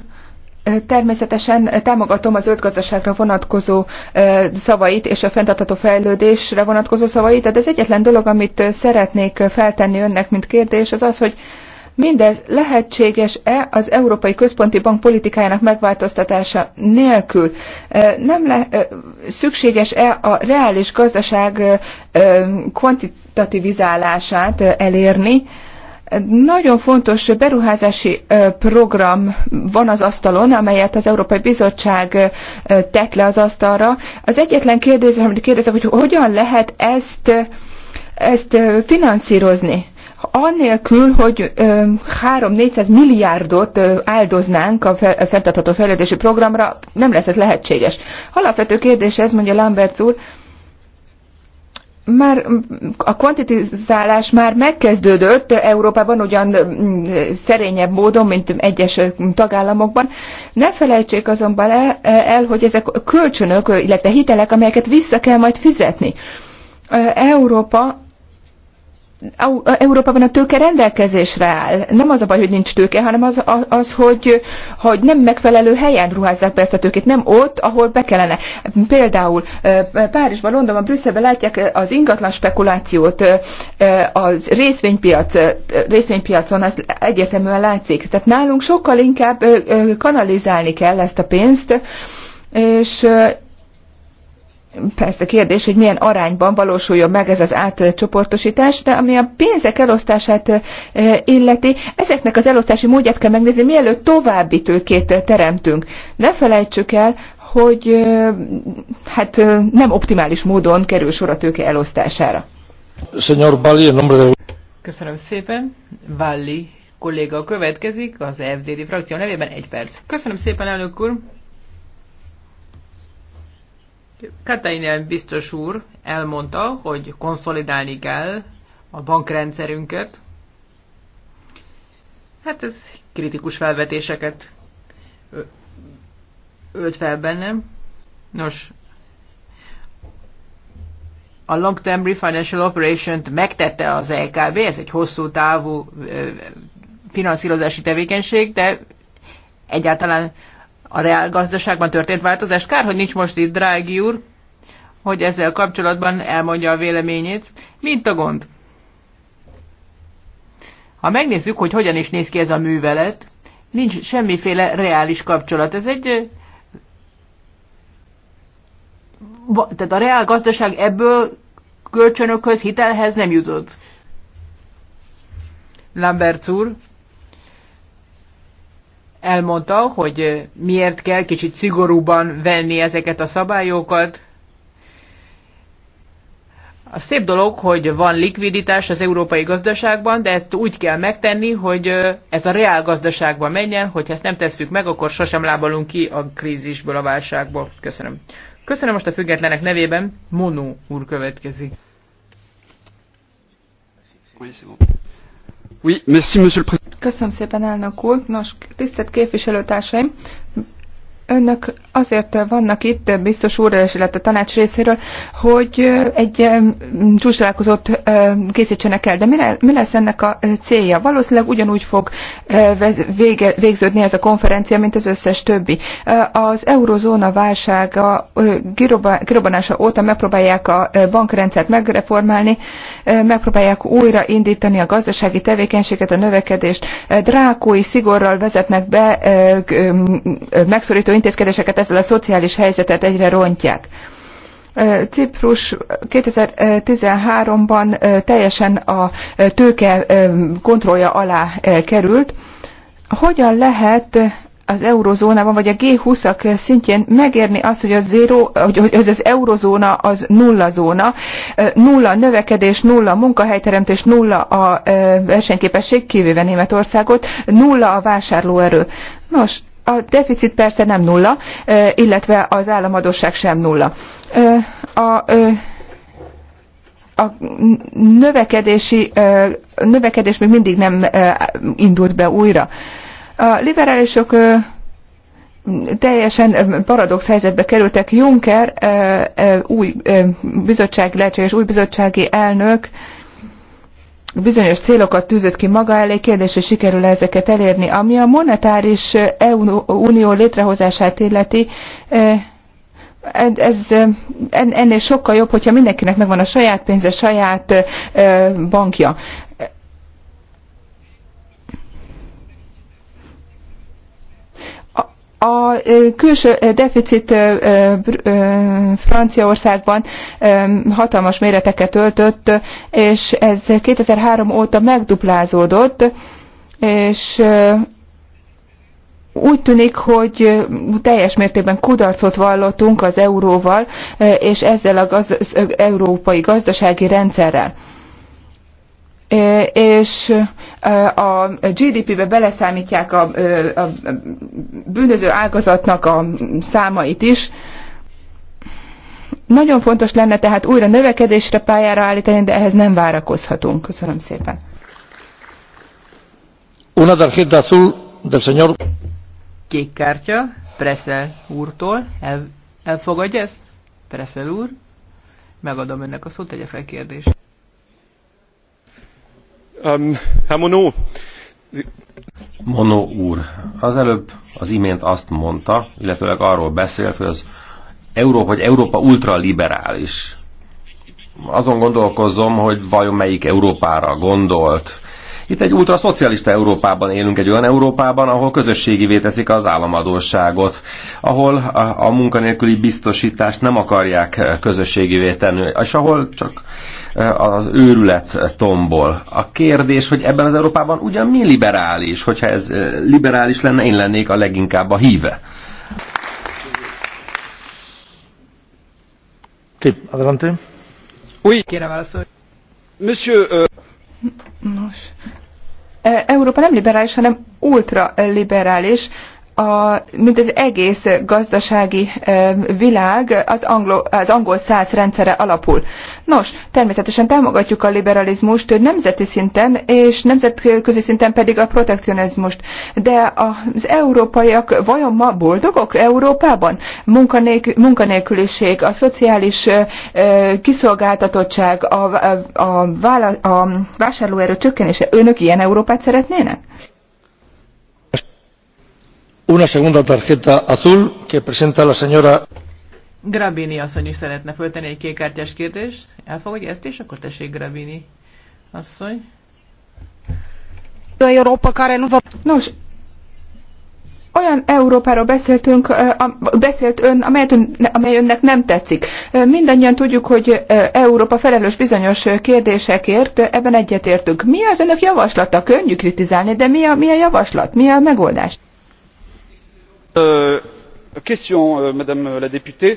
Természetesen támogatom az öt gazdaságra vonatkozó szavait és a fenntartható fejlődésre vonatkozó szavait, de az egyetlen dolog, amit szeretnék feltenni önnek, mint kérdés, az az, hogy Mindez lehetséges-e az Európai Központi Bank politikájának megváltoztatása nélkül? Nem le, szükséges-e a reális gazdaság kvantitativizálását elérni? Nagyon fontos beruházási program van az asztalon, amelyet az Európai Bizottság tett le az asztalra. Az egyetlen kérdés, amit kérdezem, hogy hogyan lehet ezt, ezt finanszírozni? annélkül, hogy 3-400 milliárdot áldoznánk a fenntartható fejlődési programra, nem lesz ez lehetséges. Alapvető kérdés ez, mondja Lambert úr, már a kvantitizálás már megkezdődött Európában, ugyan szerényebb módon, mint egyes tagállamokban. Ne felejtsék azonban el, hogy ezek kölcsönök, illetve hitelek, amelyeket vissza kell majd fizetni. Európa Európában a tőke rendelkezésre áll. Nem az a baj, hogy nincs tőke, hanem az, az hogy, hogy nem megfelelő helyen ruházzák be ezt a tőkét, nem ott, ahol be kellene. Például Párizsban, Londonban, Brüsszelben látják az ingatlan spekulációt, az részvénypiac, részvénypiacon az egyértelműen látszik. Tehát nálunk sokkal inkább kanalizálni kell ezt a pénzt, és persze kérdés, hogy milyen arányban valósuljon meg ez az átcsoportosítás, de ami a pénzek elosztását e, illeti, ezeknek az elosztási módját kell megnézni, mielőtt további tőkét teremtünk. Ne felejtsük el, hogy e, hát e, nem optimális módon kerül sor a tőke elosztására. Bali, Köszönöm szépen. Valli kolléga következik az FDD frakció nevében egy perc. Köszönöm szépen, elnök úr. Katainen biztos úr elmondta, hogy konszolidálni kell a bankrendszerünket. Hát ez kritikus felvetéseket ölt fel bennem. Nos, a Long Term Refinancial Operation-t megtette az LKB, e ez egy hosszú távú finanszírozási tevékenység, de egyáltalán a reál gazdaságban történt változás. Kár, hogy nincs most itt Drági úr, hogy ezzel kapcsolatban elmondja a véleményét. Mint a gond? Ha megnézzük, hogy hogyan is néz ki ez a művelet, nincs semmiféle reális kapcsolat. Ez egy tehát a reál gazdaság ebből kölcsönökhöz, hitelhez nem jutott. Lambert úr, elmondta, hogy miért kell kicsit szigorúban venni ezeket a szabályokat. A szép dolog, hogy van likviditás az európai gazdaságban, de ezt úgy kell megtenni, hogy ez a reál gazdaságban menjen, hogyha ezt nem tesszük meg, akkor sosem lábalunk ki a krízisből, a válságból. Köszönöm. Köszönöm most a függetlenek nevében. Monó úr következik. Köszönöm. Köszönöm szépen, elnök úr. Nos, tisztelt képviselőtársaim, Önök azért vannak itt, biztos úr, illetve tanács részéről, hogy egy csúcsalálkozót készítsenek el. De mi lesz ennek a eh, célja? Valószínűleg ugyanúgy fog eh, vége, végződni ez a konferencia, mint az összes többi. Eh, az eurozóna válsága kirobanása óta megpróbálják a bankrendszert megreformálni, megpróbálják újra indítani a gazdasági tevékenységet, a növekedést. Drákói szigorral vezetnek be megszorító intézkedéseket ezzel a szociális helyzetet egyre rontják. Ciprus 2013-ban teljesen a tőke kontrollja alá került. Hogyan lehet az eurozónában, vagy a G20-ak szintjén megérni azt, hogy, a zero, hogy az, az eurozóna az nulla zóna, nulla növekedés, nulla munkahelyteremtés, nulla a versenyképesség, kivéve Németországot, nulla a vásárlóerő. Nos, a deficit persze nem nulla, illetve az államadóság sem nulla. A a növekedési, növekedés még mindig nem indult be újra. A liberálisok teljesen paradox helyzetbe kerültek. Juncker új bizottság lehetséges, új bizottsági elnök bizonyos célokat tűzött ki maga elé, kérdés, hogy sikerül -e ezeket elérni. Ami a monetáris eh, EU unió létrehozását illeti, eh, ez eh, ennél sokkal jobb, hogyha mindenkinek megvan a saját pénze, saját bankja. A külső deficit Franciaországban hatalmas méreteket öltött, és ez 2003 óta megduplázódott, és úgy tűnik, hogy teljes mértékben kudarcot vallottunk az euróval, és ezzel az európai gazdasági rendszerrel és a GDP-be beleszámítják a, a bűnöző ágazatnak a számait is. Nagyon fontos lenne tehát újra növekedésre pályára állítani, de ehhez nem várakozhatunk. Köszönöm szépen. Una tarjeta azul del señor... Kék kártya, Preszel úrtól. El, elfogadja ezt? Preszel úr? Megadom önnek a szót, tegye fel kérdést. Um, herr monot! monot úr az előbb az imént azt mondta illetőleg arról beszélt hogy az európa hogy európa ultraliberális. azon gondolkozom hogy vajon melyik európára gondolt. Itt egy ultraszocialista Európában élünk, egy olyan Európában, ahol közösségivé teszik az államadóságot, ahol a, a munkanélküli biztosítást nem akarják közösségivé tenni, és ahol csak az őrület tombol. A kérdés, hogy ebben az Európában ugyan mi liberális? Hogyha ez eh, liberális lenne, én lennék a leginkább a híve. Kép, adelante. Új, kérem válaszolj. Monsieur... Uh... Nos, e, Európa nem liberális, hanem ultraliberális a, mint az egész gazdasági világ az, anglo, az angol száz rendszere alapul. Nos, természetesen támogatjuk a liberalizmust nemzeti szinten, és nemzetközi szinten pedig a protekcionizmust. De az európaiak vajon ma boldogok Európában? Munkanék, munkanélküliség, a szociális kiszolgáltatottság, a, a, a, vála, a vásárlóerő csökkenése. Önök ilyen Európát szeretnének? Una segunda tarjeta azul que presenta la señora... Grabini asszony is szeretne föltenni egy kékkártyás kérdést. Elfogadja ezt is? Akkor tessék Grabini asszony. Európa care Nos, olyan Európáról beszéltünk, beszélt ön, amelyet ön, amely önnek nem tetszik. Mindannyian tudjuk, hogy Európa felelős bizonyos kérdésekért, ebben egyetértünk. Mi az önök javaslata? Könnyű kritizálni, de mi a, mi a javaslat? Mi a megoldás? Ö Euh,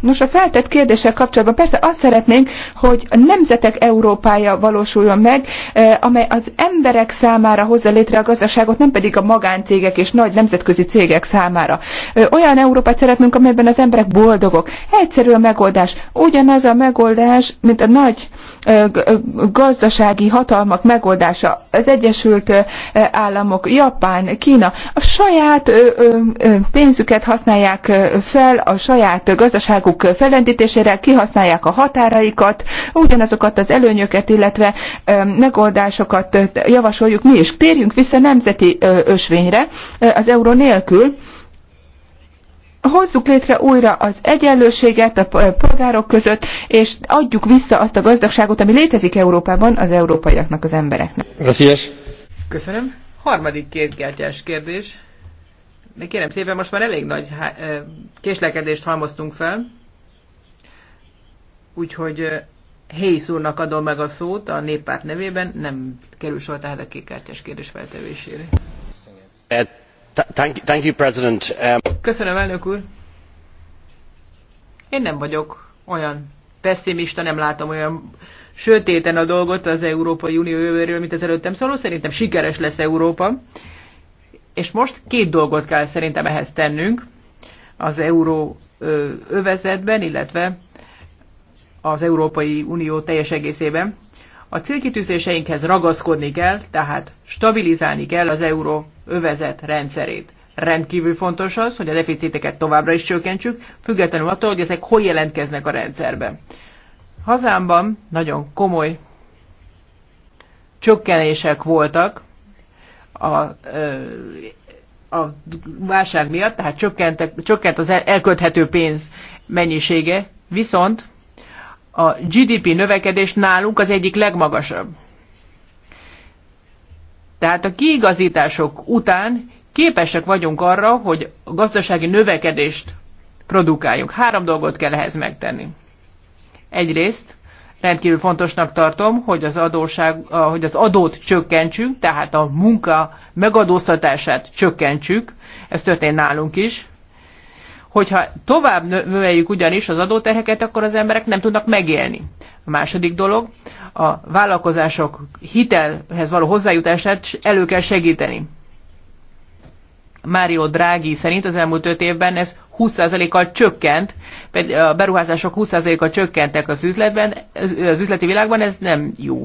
Nos, a feltett kérdéssel kapcsolatban persze azt szeretnénk, hogy a nemzetek Európája valósuljon meg, eh, amely az emberek számára hozza létre a gazdaságot, nem pedig a magáncégek és nagy nemzetközi cégek számára. Eh, olyan Európát szeretnénk, amelyben az emberek boldogok. Egyszerű a megoldás. Ugyanaz a megoldás, mint a nagy eh, gazdasági hatalmak megoldása. Az Egyesült Államok, Japán, Kína a saját pénzüket ezeket használják fel a saját gazdaságuk fellendítésére, kihasználják a határaikat, ugyanazokat az előnyöket, illetve megoldásokat javasoljuk mi is. Térjünk vissza nemzeti ösvényre az euró nélkül, hozzuk létre újra az egyenlőséget a polgárok között, és adjuk vissza azt a gazdagságot, ami létezik Európában az európaiaknak, az embereknek. Köszönöm. Harmadik kétkártyás kérdés de kérem szépen, most már elég nagy késlekedést halmoztunk fel, úgyhogy Hayes úrnak adom meg a szót a néppárt nevében, nem kerül sor tehát a kékkártyás kérdés feltevésére. Uh, thank you, President. Um, Köszönöm, elnök úr. Én nem vagyok olyan pessimista, nem látom olyan sötéten a dolgot az Európai Unió jövőről, mint az előttem szóló. Szerintem sikeres lesz Európa. És most két dolgot kell szerintem ehhez tennünk az euró övezetben, illetve az Európai Unió teljes egészében. A célkitűzéseinkhez ragaszkodni kell, tehát stabilizálni kell az euró övezet rendszerét. Rendkívül fontos az, hogy a deficiteket továbbra is csökkentsük, függetlenül attól, hogy ezek hol jelentkeznek a rendszerben. Hazámban nagyon komoly csökkenések voltak a, a válság miatt, tehát csökkentek, csökkent az elkölthető pénz mennyisége, viszont a GDP növekedés nálunk az egyik legmagasabb. Tehát a kiigazítások után képesek vagyunk arra, hogy a gazdasági növekedést produkáljunk. Három dolgot kell ehhez megtenni. Egyrészt rendkívül fontosnak tartom, hogy az, adóság, hogy az adót csökkentsünk, tehát a munka megadóztatását csökkentsük, ez történt nálunk is. Hogyha tovább növeljük ugyanis az adóterheket, akkor az emberek nem tudnak megélni. A második dolog, a vállalkozások hitelhez való hozzájutását elő kell segíteni. Mário Draghi szerint az elmúlt öt évben ez 20%-kal csökkent, a beruházások 20%-kal csökkentek az üzletben, az üzleti világban ez nem jó.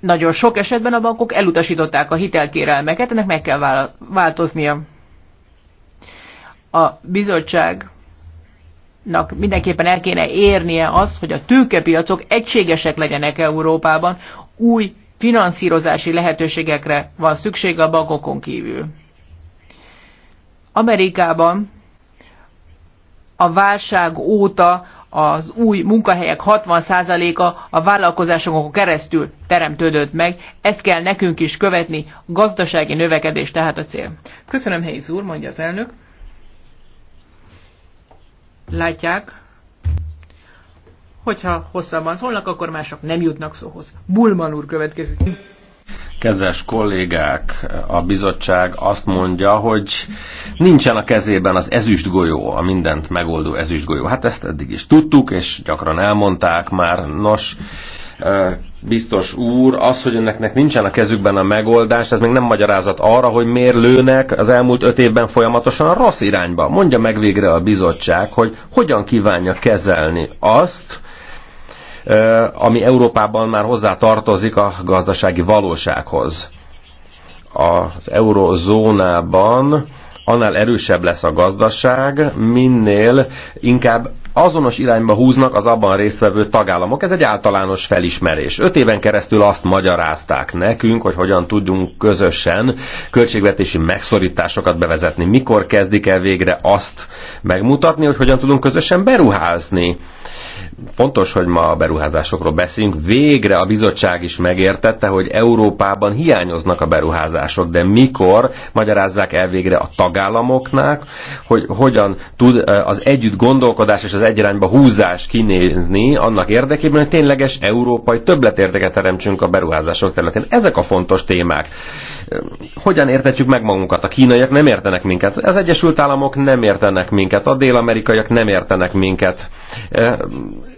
Nagyon sok esetben a bankok elutasították a hitelkérelmeket, ennek meg kell változnia. A bizottság mindenképpen el kéne érnie az, hogy a tőkepiacok egységesek legyenek Európában, új finanszírozási lehetőségekre van szükség a bankokon kívül. Amerikában a válság óta az új munkahelyek 60%-a a vállalkozásokon keresztül teremtődött meg. Ezt kell nekünk is követni, gazdasági növekedés tehát a cél. Köszönöm, Helyi úr, mondja az elnök. Látják, Hogyha hosszabban szólnak, akkor mások nem jutnak szóhoz. Bulman úr következik. Kedves kollégák, a bizottság azt mondja, hogy nincsen a kezében az ezüst golyó, a mindent megoldó ezüst golyó. Hát ezt eddig is tudtuk, és gyakran elmondták már. Nos, biztos úr, az, hogy önneknek nincsen a kezükben a megoldás, ez még nem magyarázat arra, hogy miért lőnek az elmúlt öt évben folyamatosan a rossz irányba. Mondja meg végre a bizottság, hogy hogyan kívánja kezelni azt, ami Európában már hozzá tartozik a gazdasági valósághoz. Az eurozónában annál erősebb lesz a gazdaság, minél inkább azonos irányba húznak az abban résztvevő tagállamok. Ez egy általános felismerés. Öt éven keresztül azt magyarázták nekünk, hogy hogyan tudunk közösen költségvetési megszorításokat bevezetni. Mikor kezdik el végre azt megmutatni, hogy hogyan tudunk közösen beruházni Fontos, hogy ma a beruházásokról beszéljünk. Végre a bizottság is megértette, hogy Európában hiányoznak a beruházások, de mikor magyarázzák el végre a tagállamoknak, hogy hogyan tud az együtt gondolkodás és az egyirányba húzás kinézni annak érdekében, hogy tényleges európai többletérteket teremtsünk a beruházások területén. Ezek a fontos témák hogyan értetjük meg magunkat? A kínaiak nem értenek minket, az Egyesült Államok nem értenek minket, a dél-amerikaiak nem értenek minket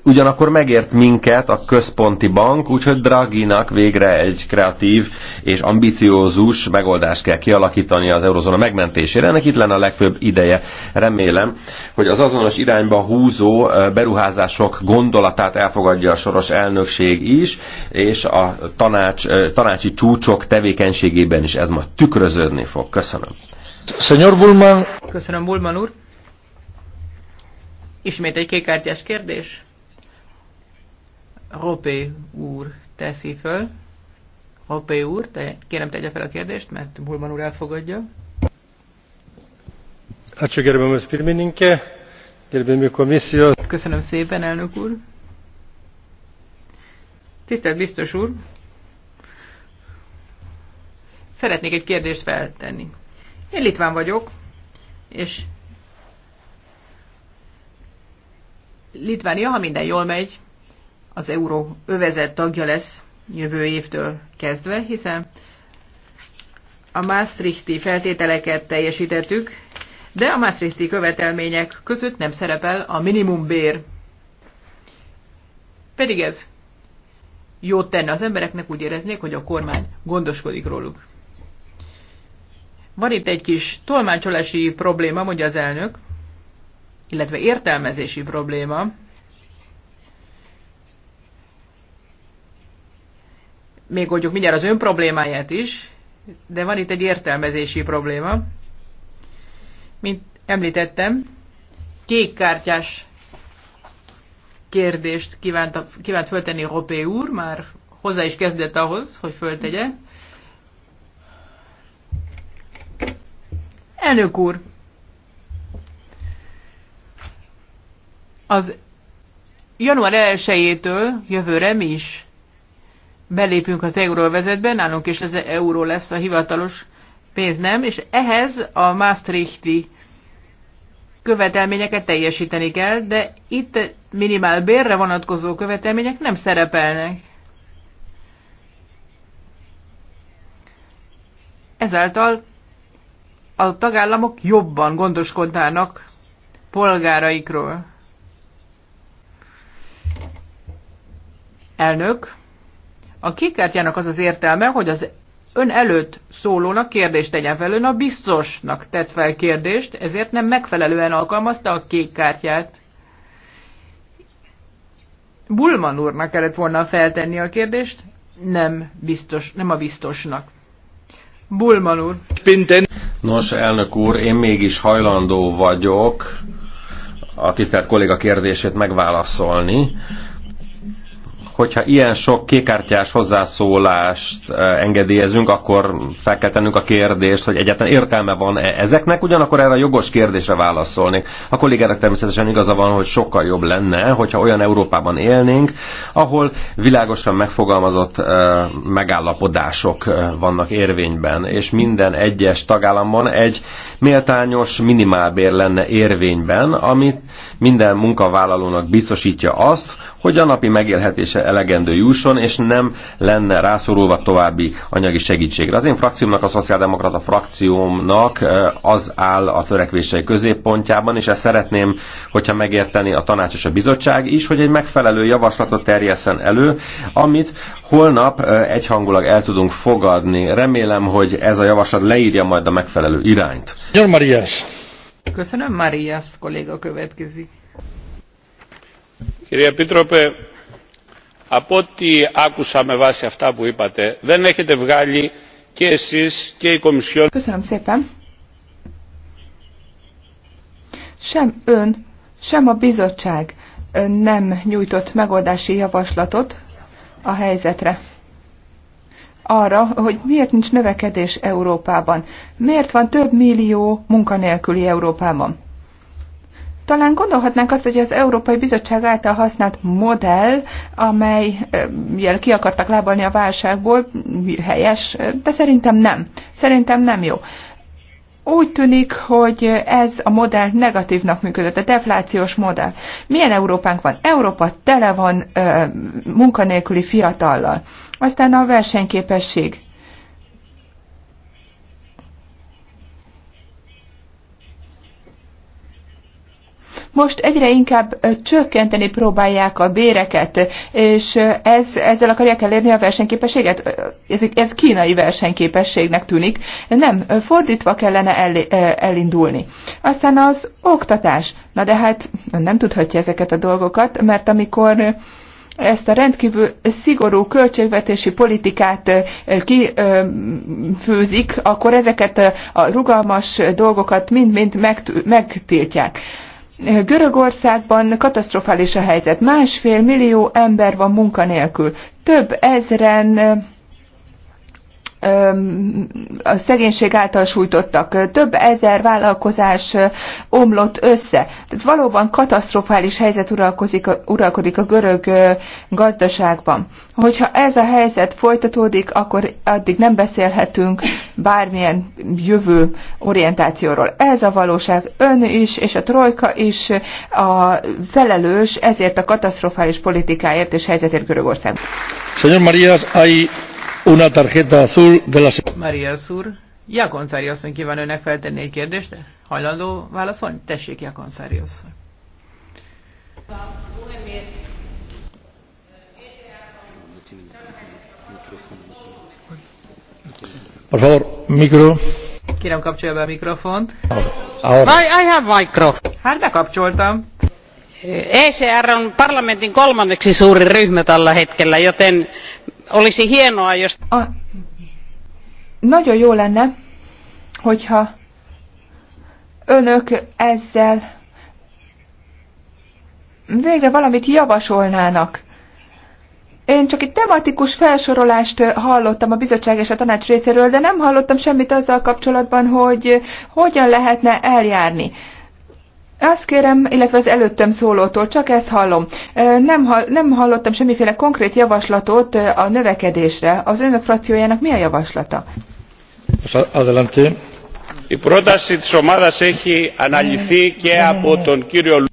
ugyanakkor megért minket a központi bank, úgyhogy Draginak végre egy kreatív és ambiciózus megoldást kell kialakítani az eurozóna megmentésére. Ennek itt lenne a legfőbb ideje. Remélem, hogy az azonos irányba húzó beruházások gondolatát elfogadja a soros elnökség is, és a tanács, tanácsi csúcsok tevékenységében is ez ma tükröződni fog. Köszönöm. Señor Bulman. Köszönöm, Bulman úr. Ismét egy kékártyás kérdés. Ropé úr teszi föl. Ropé úr, te, kérem tegye fel a kérdést, mert Bulman úr elfogadja. Köszönöm szépen, elnök úr. Tisztelt biztos úr, szeretnék egy kérdést feltenni. Én Litván vagyok, és Litvánia, ha minden jól megy, az euró övezet tagja lesz jövő évtől kezdve, hiszen a Maastrichti feltételeket teljesítettük, de a Maastrichti követelmények között nem szerepel a minimumbér. Pedig ez jót tenne az embereknek, úgy éreznék, hogy a kormány gondoskodik róluk. Van itt egy kis tolmácsolási probléma, mondja az elnök, illetve értelmezési probléma. Még oldjuk, mindjárt az ön problémáját is, de van itt egy értelmezési probléma. Mint említettem, kékkártyás kérdést kívánt, kívánt föltenni Ropé úr, már hozzá is kezdett ahhoz, hogy föltegye. Elnök úr, az január 1-től jövőre mi is belépünk az euróvezetbe, nálunk is az euró lesz a hivatalos pénz, nem, és ehhez a Maastrichti követelményeket teljesíteni kell, de itt minimál bérre vonatkozó követelmények nem szerepelnek. Ezáltal a tagállamok jobban gondoskodnának polgáraikról. Elnök, a kékkártyának az az értelme, hogy az ön előtt szólónak kérdést tegyen fel, ön a biztosnak tett fel kérdést, ezért nem megfelelően alkalmazta a kék kártyát. Bulman úrnak kellett volna feltenni a kérdést, nem, biztos, nem a biztosnak. Bulman úr. Nos, elnök úr, én mégis hajlandó vagyok a tisztelt kolléga kérdését megválaszolni hogyha ilyen sok kékártyás hozzászólást eh, engedélyezünk, akkor fel kell tennünk a kérdést, hogy egyáltalán értelme van-e ezeknek, ugyanakkor erre a jogos kérdésre válaszolni. A kollégának természetesen igaza van, hogy sokkal jobb lenne, hogyha olyan Európában élnénk, ahol világosan megfogalmazott eh, megállapodások eh, vannak érvényben, és minden egyes tagállamban egy méltányos minimálbér lenne érvényben, amit minden munkavállalónak biztosítja azt, hogy a napi megélhetése elegendő jusson, és nem lenne rászorulva további anyagi segítségre. Az én frakciómnak, a szociáldemokrata frakciómnak az áll a törekvései középpontjában, és ezt szeretném, hogyha megérteni a tanács és a bizottság is, hogy egy megfelelő javaslatot terjeszen elő, amit holnap egyhangulag el tudunk fogadni. Remélem, hogy ez a javaslat leírja majd a megfelelő irányt. Jó, Marias! Köszönöm, Marias kolléga következik. Κύριε Επίτροπε, από ό,τι άκουσα με βάση αυτά που είπατε, δεν έχετε βγάλει και εσείς και η Κομισιόν... Köszönöm szépen. Sem ön, sem a bizottság nem nyújtott megoldási javaslatot a helyzetre arra, hogy miért nincs növekedés Európában, miért van több millió munkanélküli Európában. Talán gondolhatnánk azt, hogy az Európai Bizottság által használt modell, amely, jel ki akartak lábalni a válságból, helyes, de szerintem nem. Szerintem nem jó. Úgy tűnik, hogy ez a modell negatívnak működött, a deflációs modell. Milyen Európánk van? Európa tele van ö, munkanélküli fiatallal. Aztán a versenyképesség most egyre inkább csökkenteni próbálják a béreket, és ez, ezzel akarják elérni a versenyképességet. Ez, ez kínai versenyképességnek tűnik. Nem, fordítva kellene el, elindulni. Aztán az oktatás. Na de hát nem tudhatja ezeket a dolgokat, mert amikor ezt a rendkívül szigorú költségvetési politikát kifőzik, akkor ezeket a rugalmas dolgokat mind-mind megtiltják. Görögországban katasztrofális a helyzet. Másfél millió ember van munkanélkül. Több ezren a szegénység által sújtottak. Több ezer vállalkozás omlott össze. Tehát valóban katasztrofális helyzet uralkozik, uralkodik a görög gazdaságban. Hogyha ez a helyzet folytatódik, akkor addig nem beszélhetünk bármilyen jövő orientációról. Ez a valóság ön is, és a trojka is a felelős ezért a katasztrofális politikáért és helyzetért Görögországban. Señor Marías, hay Una tarjeta azul de la... María ya ¿en Maria úr, Jakonszári asszony kíván önnek feltenni egy kérdést, de hajlandó válaszolni? Tessék, Jakonszári asszony. Por favor, micro. Kérem, kapcsolja be a mikrofont. Ahora. I, I have micro. Hát bekapcsoltam. ECR on parlamentin kolmanneksi suuri ryhmä tällä hetkellä, joten Olisi hienoa, jos... A, nagyon jó lenne, hogyha önök ezzel végre valamit javasolnának. Én csak egy tematikus felsorolást hallottam a bizottság és a tanács részéről, de nem hallottam semmit azzal kapcsolatban, hogy hogyan lehetne eljárni. Azt kérem, illetve az előttem szólótól, csak ezt hallom. Nem, hall, nem hallottam semmiféle konkrét javaslatot a növekedésre. Az önök frakciójának mi a javaslata? Adelante. Η πρόταση της ομάδας έχει αναλυθεί και από τον κύριο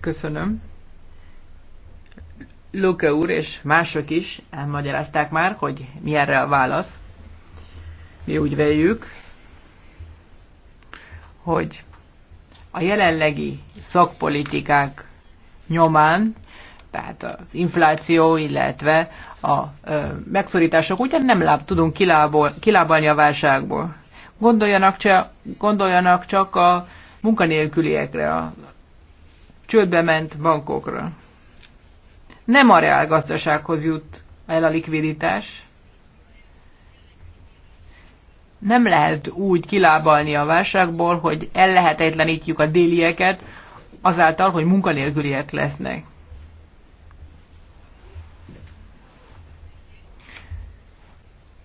Köszönöm. Luke úr és mások is elmagyarázták már, hogy mi erre a válasz. Mi úgy véljük, hogy a jelenlegi szakpolitikák nyomán, tehát az infláció, illetve a ö, megszorítások ugyan nem láb, tudunk kilából, kilábalni a válságból. Gondoljanak csak, gondoljanak csak a munkanélküliekre, a csődbe ment bankokra. Nem a reálgazdasághoz jut el a likviditás, nem lehet úgy kilábalni a válságból, hogy ellehetetlenítjük a délieket azáltal, hogy munkanélküliek lesznek.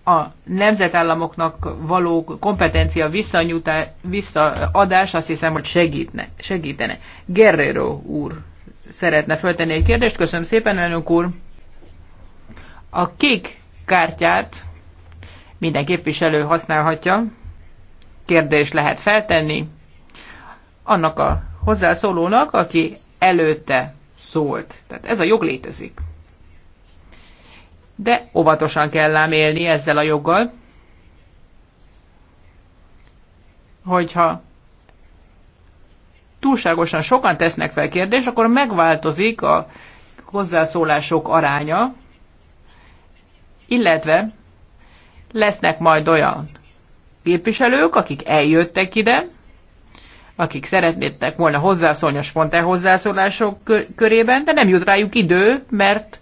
a nemzetállamoknak való kompetencia visszaadás azt hiszem, hogy segítne, segítene. Guerrero úr szeretne föltenni egy kérdést. Köszönöm szépen, elnök úr. A kék kártyát minden képviselő használhatja, kérdést lehet feltenni annak a hozzászólónak, aki előtte szólt. Tehát ez a jog létezik. De óvatosan kell ám élni ezzel a joggal, hogyha túlságosan sokan tesznek fel kérdést, akkor megváltozik a hozzászólások aránya, illetve lesznek majd olyan képviselők, akik eljöttek ide, akik szeretnétek volna hozzászólni a spontán hozzászólások körében, de nem jut rájuk idő, mert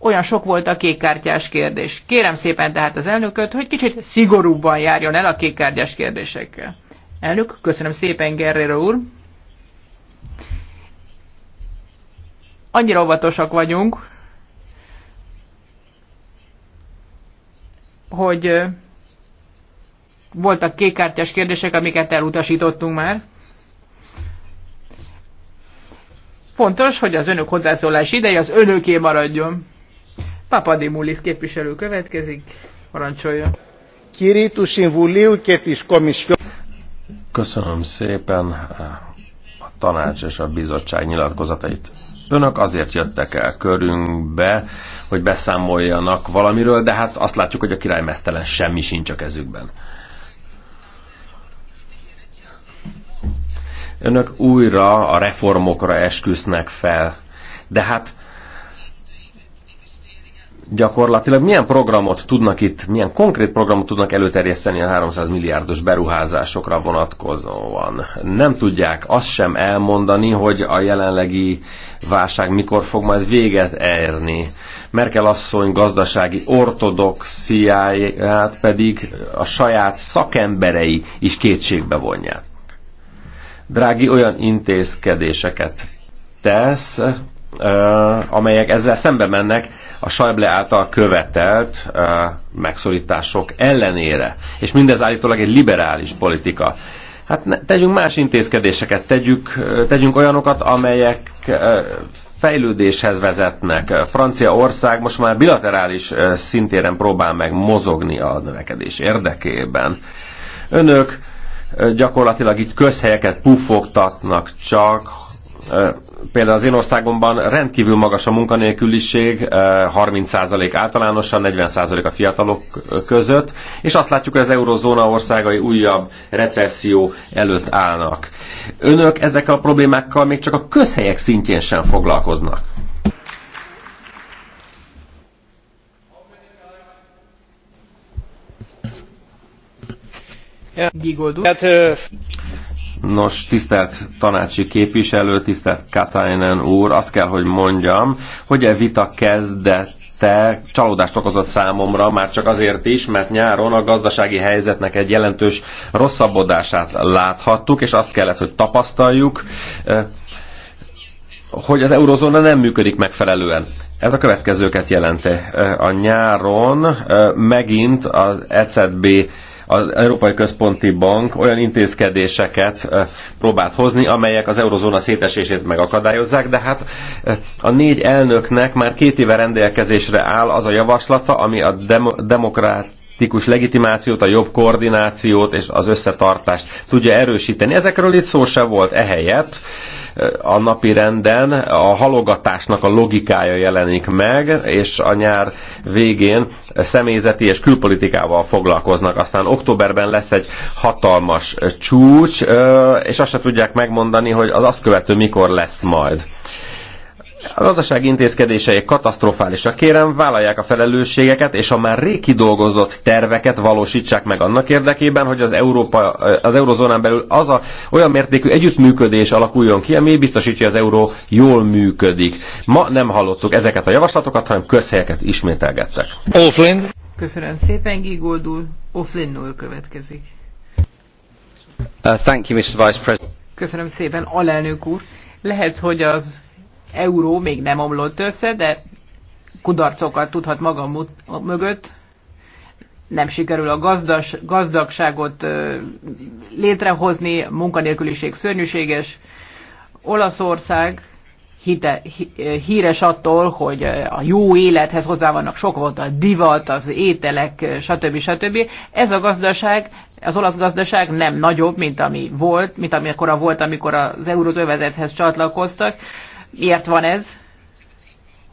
olyan sok volt a kékkártyás kérdés. Kérem szépen tehát az elnököt, hogy kicsit szigorúbban járjon el a kékkártyás kérdésekkel. Elnök, köszönöm szépen, Gerrero úr. Annyira óvatosak vagyunk, hogy voltak kékkártyás kérdések, amiket elutasítottunk már. Fontos, hogy az önök hozzászólás ideje az önöké maradjon. Mulis képviselő következik, parancsolja. Köszönöm szépen eh, a tanács és a bizottság nyilatkozatait. Önök azért jöttek el körünkbe, hogy beszámoljanak valamiről, de hát azt látjuk, hogy a király mesztelen semmi sincs a kezükben. Önök újra a reformokra esküsznek fel, de hát gyakorlatilag milyen programot tudnak itt, milyen konkrét programot tudnak előterjeszteni a 300 milliárdos beruházásokra vonatkozóan. Nem tudják azt sem elmondani, hogy a jelenlegi válság mikor fog majd véget érni. Merkel asszony gazdasági ortodoxiáját pedig a saját szakemberei is kétségbe vonják. Drági olyan intézkedéseket tesz, amelyek ezzel szembe mennek a Schäuble által követelt megszorítások ellenére. És mindez állítólag egy liberális politika. Hát ne, tegyünk más intézkedéseket, tegyük, tegyünk olyanokat, amelyek fejlődéshez vezetnek. Franciaország most már bilaterális szintéren próbál meg mozogni a növekedés érdekében. Önök gyakorlatilag itt közhelyeket pufogtatnak csak, például az én országomban rendkívül magas a munkanélküliség, 30% általánosan, 40% a fiatalok között, és azt látjuk, hogy az eurozóna országai újabb recesszió előtt állnak. Önök ezekkel a problémákkal még csak a közhelyek szintjén sem foglalkoznak. Gigoldú. Hát, Nos, tisztelt tanácsi képviselő, tisztelt Katainen úr, azt kell, hogy mondjam, hogy a e vita te csalódást okozott számomra, már csak azért is, mert nyáron a gazdasági helyzetnek egy jelentős rosszabbodását láthattuk, és azt kellett, hogy tapasztaljuk, e, hogy az eurozóna nem működik megfelelően. Ez a következőket jelenti. E, a nyáron megint az ECB az Európai Központi Bank olyan intézkedéseket próbált hozni, amelyek az eurozóna szétesését megakadályozzák, de hát a négy elnöknek már két éve rendelkezésre áll az a javaslata, ami a dem- demokrát demokratikus legitimációt, a jobb koordinációt és az összetartást tudja erősíteni. Ezekről itt szó se volt ehelyett a napi renden a halogatásnak a logikája jelenik meg, és a nyár végén személyzeti és külpolitikával foglalkoznak. Aztán októberben lesz egy hatalmas csúcs, és azt se tudják megmondani, hogy az azt követő mikor lesz majd. A gazdaság intézkedései katasztrofálisak. Kérem, vállalják a felelősségeket, és a már rég kidolgozott terveket valósítsák meg annak érdekében, hogy az, Európa, az eurozónán belül az a olyan mértékű együttműködés alakuljon ki, ami biztosítja, hogy az euró jól működik. Ma nem hallottuk ezeket a javaslatokat, hanem közhelyeket ismételgettek. Oflin. Köszönöm szépen, Gigoldul. úr. Oflin úr következik. Uh, thank you, Mr. Vice President. Köszönöm szépen, alelnök úr. Lehet, hogy az euró még nem omlott össze, de kudarcokat tudhat magam mögött. Nem sikerül a gazdas, gazdagságot létrehozni, munkanélküliség szörnyűséges. Olaszország hite, híres attól, hogy a jó élethez hozzá vannak sok volt a divat, az ételek, stb. stb. Ez a gazdaság, az olasz gazdaság nem nagyobb, mint ami volt, mint amikor volt, amikor az euróövezethez csatlakoztak miért van ez?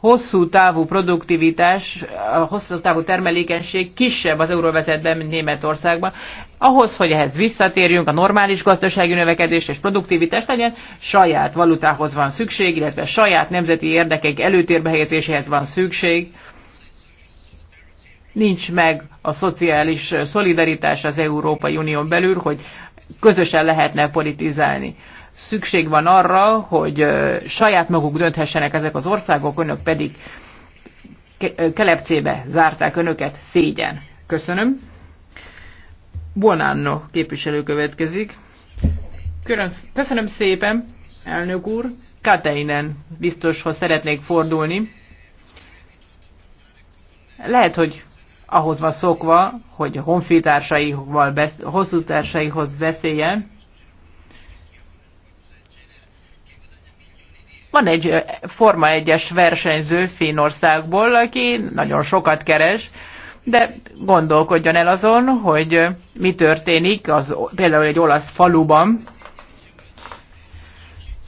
Hosszú távú produktivitás, a hosszú távú termelékenység kisebb az euróvezetben, mint Németországban. Ahhoz, hogy ehhez visszatérjünk, a normális gazdasági növekedés és produktivitás legyen, saját valutához van szükség, illetve saját nemzeti érdekek előtérbe helyezéséhez van szükség. Nincs meg a szociális szolidaritás az Európai Unión belül, hogy közösen lehetne politizálni szükség van arra, hogy saját maguk dönthessenek ezek az országok, önök pedig kelepcébe zárták önöket, szégyen. Köszönöm. Bonanno képviselő következik. Köszönöm szépen, elnök úr. Kateinen biztoshoz szeretnék fordulni. Lehet, hogy ahhoz van szokva, hogy honfitársaival, besz- hosszútársaihoz beszéljen, Van egy Forma 1-es versenyző Finnországból, aki nagyon sokat keres, de gondolkodjon el azon, hogy mi történik az, például egy olasz faluban.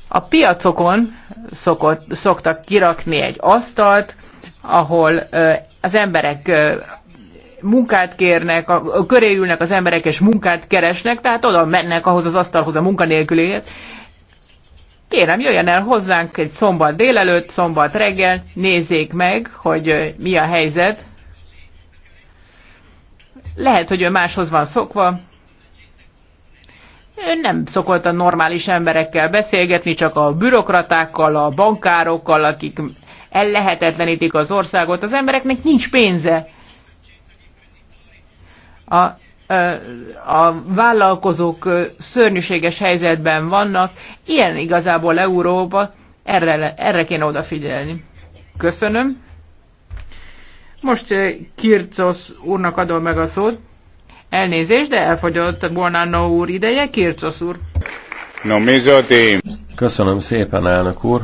A piacokon szokott, szoktak kirakni egy asztalt, ahol az emberek munkát kérnek, a, a, köré ülnek az emberek és munkát keresnek, tehát oda mennek ahhoz az asztalhoz a munkanélküliek, Kérem, jöjjen el hozzánk egy szombat délelőtt, szombat reggel, nézzék meg, hogy mi a helyzet. Lehet, hogy ő máshoz van szokva. Ő nem szokott a normális emberekkel beszélgetni, csak a bürokratákkal, a bankárokkal, akik ellehetetlenítik az országot. Az embereknek nincs pénze. A a vállalkozók szörnyűséges helyzetben vannak. Ilyen igazából Európa, erre, erre kéne odafigyelni. Köszönöm. Most Kircosz úrnak adom meg a szót. Elnézést, de elfogyott Bonanno úr ideje. Kircosz úr. No, mi Köszönöm szépen, elnök úr.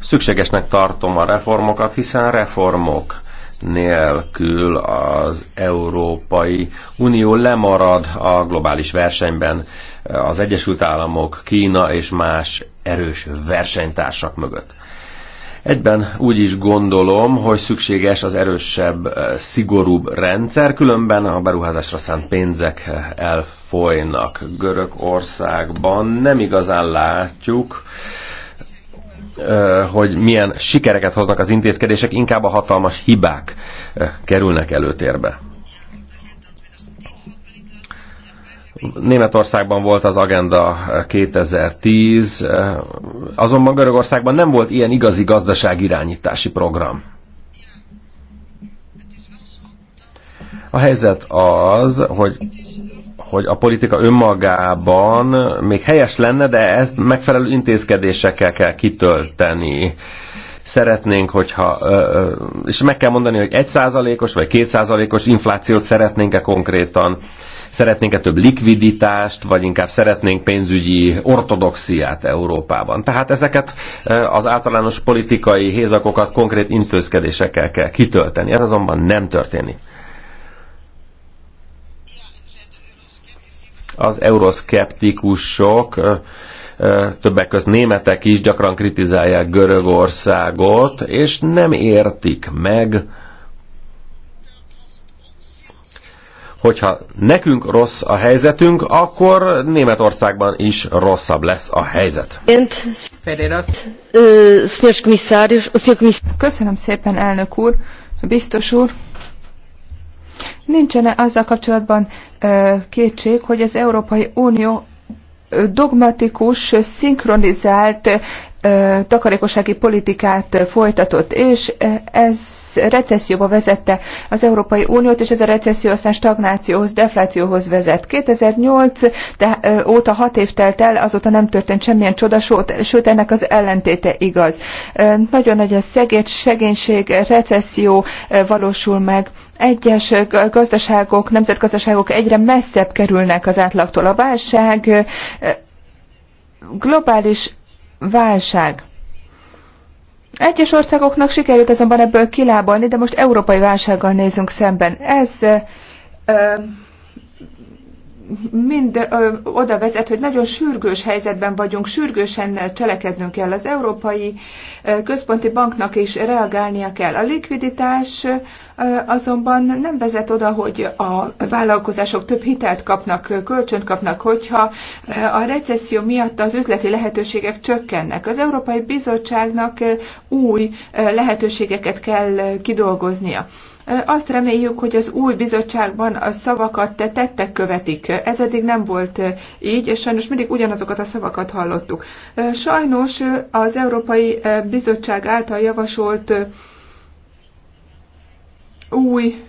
Szükségesnek tartom a reformokat, hiszen reformok nélkül az Európai Unió lemarad a globális versenyben az Egyesült Államok, Kína és más erős versenytársak mögött. Egyben úgy is gondolom, hogy szükséges az erősebb, szigorúbb rendszer, különben a beruházásra szánt pénzek elfolynak. Görögországban nem igazán látjuk, hogy milyen sikereket hoznak az intézkedések, inkább a hatalmas hibák kerülnek előtérbe. Németországban volt az Agenda 2010, azonban Görögországban nem volt ilyen igazi gazdaságirányítási program. A helyzet az, hogy hogy a politika önmagában még helyes lenne, de ezt megfelelő intézkedésekkel kell kitölteni szeretnénk, hogyha, és meg kell mondani, hogy egy százalékos vagy kétszázalékos inflációt szeretnénk-e konkrétan, szeretnénk-e több likviditást, vagy inkább szeretnénk pénzügyi ortodoxiát Európában. Tehát ezeket az általános politikai hézakokat konkrét intézkedésekkel kell kitölteni. Ez azonban nem történik. az euroszkeptikusok, többek között németek is gyakran kritizálják Görögországot, és nem értik meg, hogyha nekünk rossz a helyzetünk, akkor Németországban is rosszabb lesz a helyzet. Köszönöm szépen, elnök úr, biztos úr. Nincsen -e azzal kapcsolatban kétség, hogy az Európai Unió dogmatikus, szinkronizált takarékossági politikát folytatott, és ez recesszióba vezette az Európai Uniót, és ez a recesszió aztán stagnációhoz, deflációhoz vezet. 2008 de, óta hat év telt el, azóta nem történt semmilyen csoda, sőt ennek az ellentéte igaz. Nagyon nagy a szegény, segénység, recesszió valósul meg egyes gazdaságok, nemzetgazdaságok egyre messzebb kerülnek az átlagtól. A válság globális válság. Egyes országoknak sikerült azonban ebből kilábalni, de most európai válsággal nézünk szemben. Ez mind ö, oda vezet, hogy nagyon sürgős helyzetben vagyunk, sürgősen cselekednünk kell. Az Európai Központi Banknak is reagálnia kell. A likviditás ö, azonban nem vezet oda, hogy a vállalkozások több hitelt kapnak, kölcsönt kapnak, hogyha a recesszió miatt az üzleti lehetőségek csökkennek. Az Európai Bizottságnak új lehetőségeket kell kidolgoznia. Azt reméljük, hogy az új bizottságban a szavakat tettek követik. Ez eddig nem volt így, és sajnos mindig ugyanazokat a szavakat hallottuk. Sajnos az Európai Bizottság által javasolt új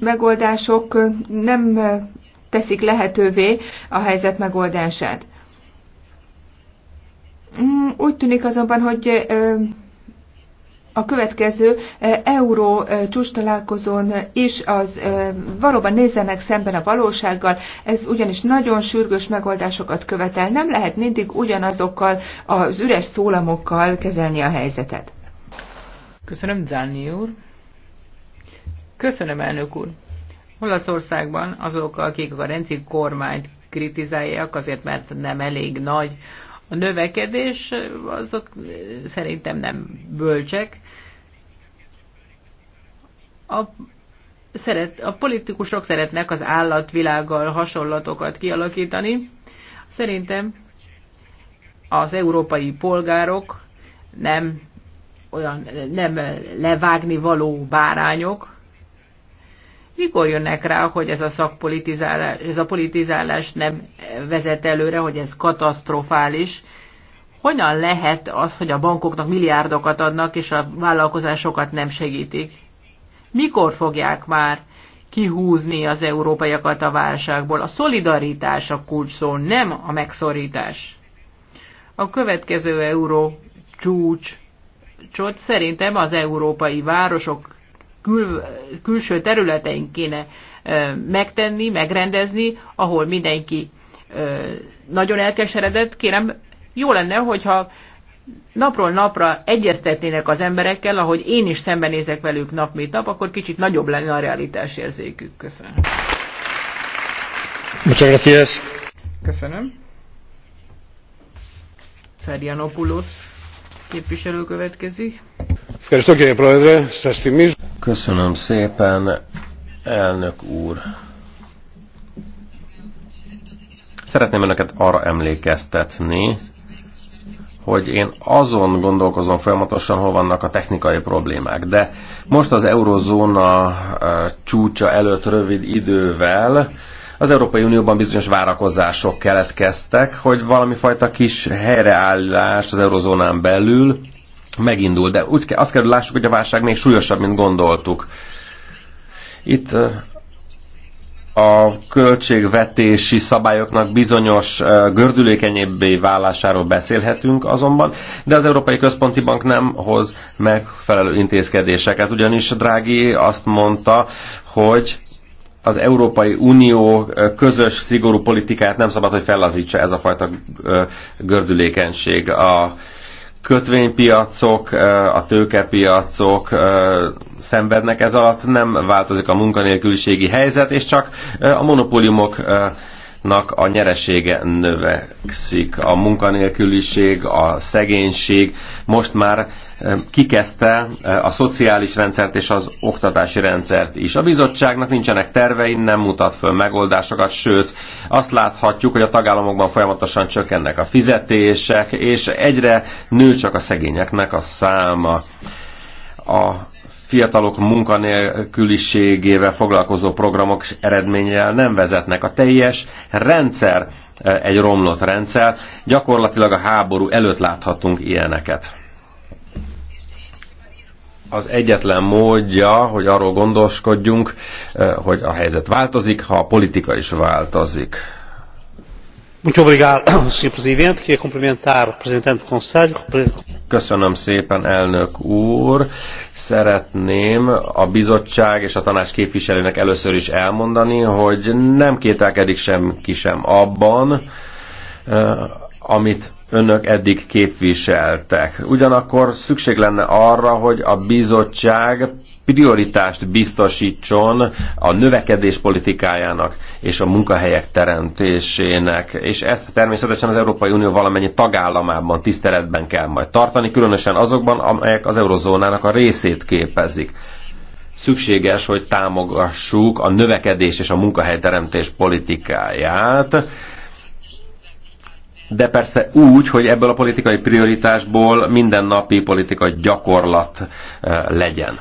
megoldások nem teszik lehetővé a helyzet megoldását. Mm, úgy tűnik azonban, hogy a következő e, euró e, csúcs találkozón is az e, valóban nézzenek szemben a valósággal, ez ugyanis nagyon sürgős megoldásokat követel, nem lehet mindig ugyanazokkal az üres szólamokkal kezelni a helyzetet. Köszönöm, Zálni úr. Köszönöm, elnök úr. Olaszországban azok, akik a Renzi kormányt kritizálják, azért mert nem elég nagy a növekedés azok szerintem nem bölcsek. A, szeret, a politikusok szeretnek az állatvilággal hasonlatokat kialakítani. Szerintem az európai polgárok nem olyan nem levágni való bárányok. Mikor jönnek rá, hogy ez a szakpolitizálás, ez a politizálás nem vezet előre, hogy ez katasztrofális? Hogyan lehet az, hogy a bankoknak milliárdokat adnak, és a vállalkozásokat nem segítik? Mikor fogják már kihúzni az európaiakat a válságból? A szolidaritás a kulcs szó, nem a megszorítás. A következő euró csúcs csot szerintem az európai városok kül, külső területein kéne ö, megtenni, megrendezni, ahol mindenki ö, nagyon elkeseredett. Kérem, jó lenne, hogyha napról napra egyeztetnének az emberekkel, ahogy én is szembenézek velük nap mint nap, akkor kicsit nagyobb lenne a realitás érzékük. Köszönöm. Muchas gracias. Köszönöm. Szerianopoulos képviselő következik. Köszönöm szépen, elnök úr. Szeretném önöket arra emlékeztetni, hogy én azon gondolkozom folyamatosan, hol vannak a technikai problémák. De most az eurozóna csúcsa előtt rövid idővel az Európai Unióban bizonyos várakozások keletkeztek, hogy valami fajta kis helyreállás az eurozónán belül megindul. De úgy, azt kell, hogy lássuk, hogy a válság még súlyosabb, mint gondoltuk. Itt a költségvetési szabályoknak bizonyos gördülékenyebbé válásáról beszélhetünk azonban, de az Európai Központi Bank nem hoz megfelelő intézkedéseket. Ugyanis Drági azt mondta, hogy az Európai Unió közös, szigorú politikáját nem szabad, hogy fellazítsa ez a fajta gördülékenység. A kötvénypiacok, a tőkepiacok szenvednek ez alatt, nem változik a munkanélküliségi helyzet, és csak a monopóliumok nak a nyeresége növekszik. A munkanélküliség, a szegénység most már eh, kikezdte eh, a szociális rendszert és az oktatási rendszert is. A bizottságnak nincsenek tervei, nem mutat föl megoldásokat, sőt azt láthatjuk, hogy a tagállamokban folyamatosan csökkennek a fizetések, és egyre nő csak a szegényeknek a száma. A fiatalok munkanélküliségével foglalkozó programok eredménnyel nem vezetnek. A teljes rendszer eh, egy romlott rendszer. Gyakorlatilag a háború előtt láthatunk ilyeneket. Az egyetlen módja, hogy arról gondoskodjunk, eh, hogy a helyzet változik, ha a politika is változik. Köszönöm szépen, elnök úr. Szeretném a bizottság és a tanács képviselőnek először is elmondani, hogy nem kételkedik senki sem abban, eh, amit önök eddig képviseltek. Ugyanakkor szükség lenne arra, hogy a bizottság prioritást biztosítson a növekedés politikájának és a munkahelyek teremtésének, és ezt természetesen az Európai Unió valamennyi tagállamában tiszteletben kell majd tartani, különösen azokban, amelyek az eurozónának a részét képezik. Szükséges, hogy támogassuk a növekedés és a munkahelyteremtés politikáját, de persze úgy, hogy ebből a politikai prioritásból mindennapi politikai gyakorlat eh, legyen.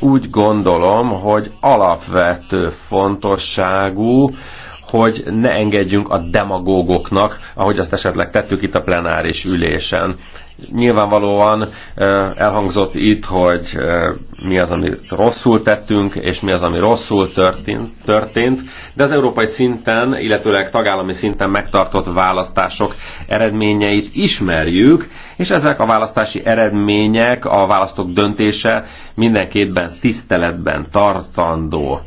Úgy gondolom, hogy alapvető fontosságú, hogy ne engedjünk a demagógoknak, ahogy azt esetleg tettük itt a plenáris ülésen. Nyilvánvalóan elhangzott itt, hogy mi az, amit rosszul tettünk, és mi az, ami rosszul történt, de az európai szinten, illetőleg tagállami szinten megtartott választások eredményeit ismerjük, és ezek a választási eredmények, a választók döntése mindenképpen tiszteletben tartandó.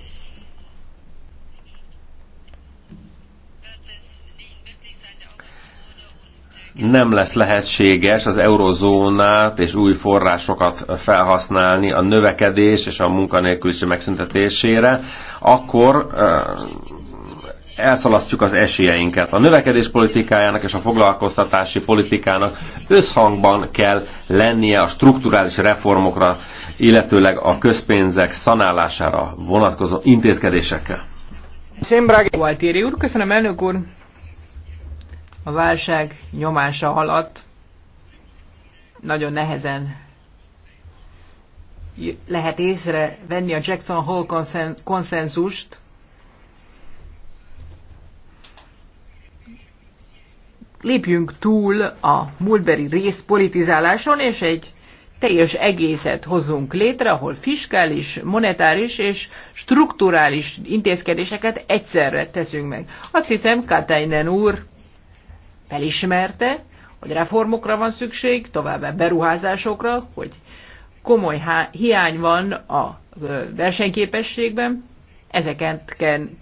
nem lesz lehetséges az eurozónát és új forrásokat felhasználni a növekedés és a munkanélküliség megszüntetésére, akkor eh, elszalasztjuk az esélyeinket. A növekedés politikájának és a foglalkoztatási politikának összhangban kell lennie a strukturális reformokra, illetőleg a közpénzek szanálására vonatkozó intézkedésekkel. Gualtieri úr, köszönöm elnök úr! a válság nyomása alatt nagyon nehezen lehet észre venni a Jackson Hole konszen konszenzust, lépjünk túl a múltbeli részpolitizáláson, és egy teljes egészet hozzunk létre, ahol fiskális, monetáris és strukturális intézkedéseket egyszerre teszünk meg. Azt hiszem, Katainen úr felismerte, hogy reformokra van szükség, továbbá beruházásokra, hogy komoly hiány van a versenyképességben, ezeket,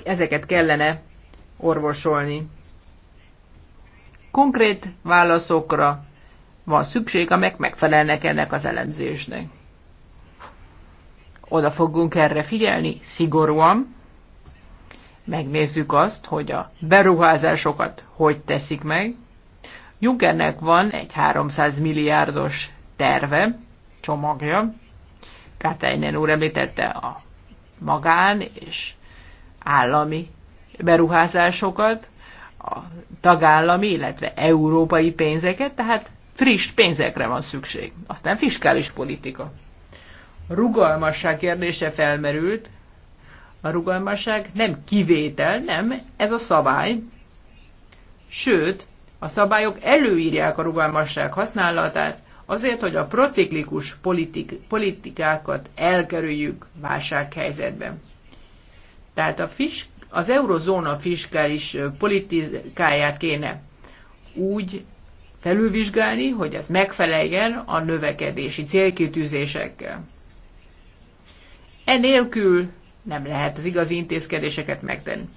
ezeket kellene orvosolni. Konkrét válaszokra van szükség, amelyek megfelelnek ennek az elemzésnek. Oda fogunk erre figyelni szigorúan, megnézzük azt, hogy a beruházásokat hogy teszik meg. Junckernek van egy 300 milliárdos terve, csomagja. Kátejnen úr említette a magán és állami beruházásokat, a tagállami, illetve európai pénzeket, tehát friss pénzekre van szükség. Aztán fiskális politika. A rugalmasság kérdése felmerült, a rugalmasság nem kivétel, nem, ez a szabály. Sőt, a szabályok előírják a rugalmasság használatát, azért, hogy a prociklikus politik, politikákat elkerüljük válsághelyzetben. Tehát a fisk, az eurozóna fiskális politikáját kéne úgy felülvizsgálni, hogy ez megfeleljen a növekedési célkitűzésekkel. Enélkül nem lehet az igazi intézkedéseket megtenni.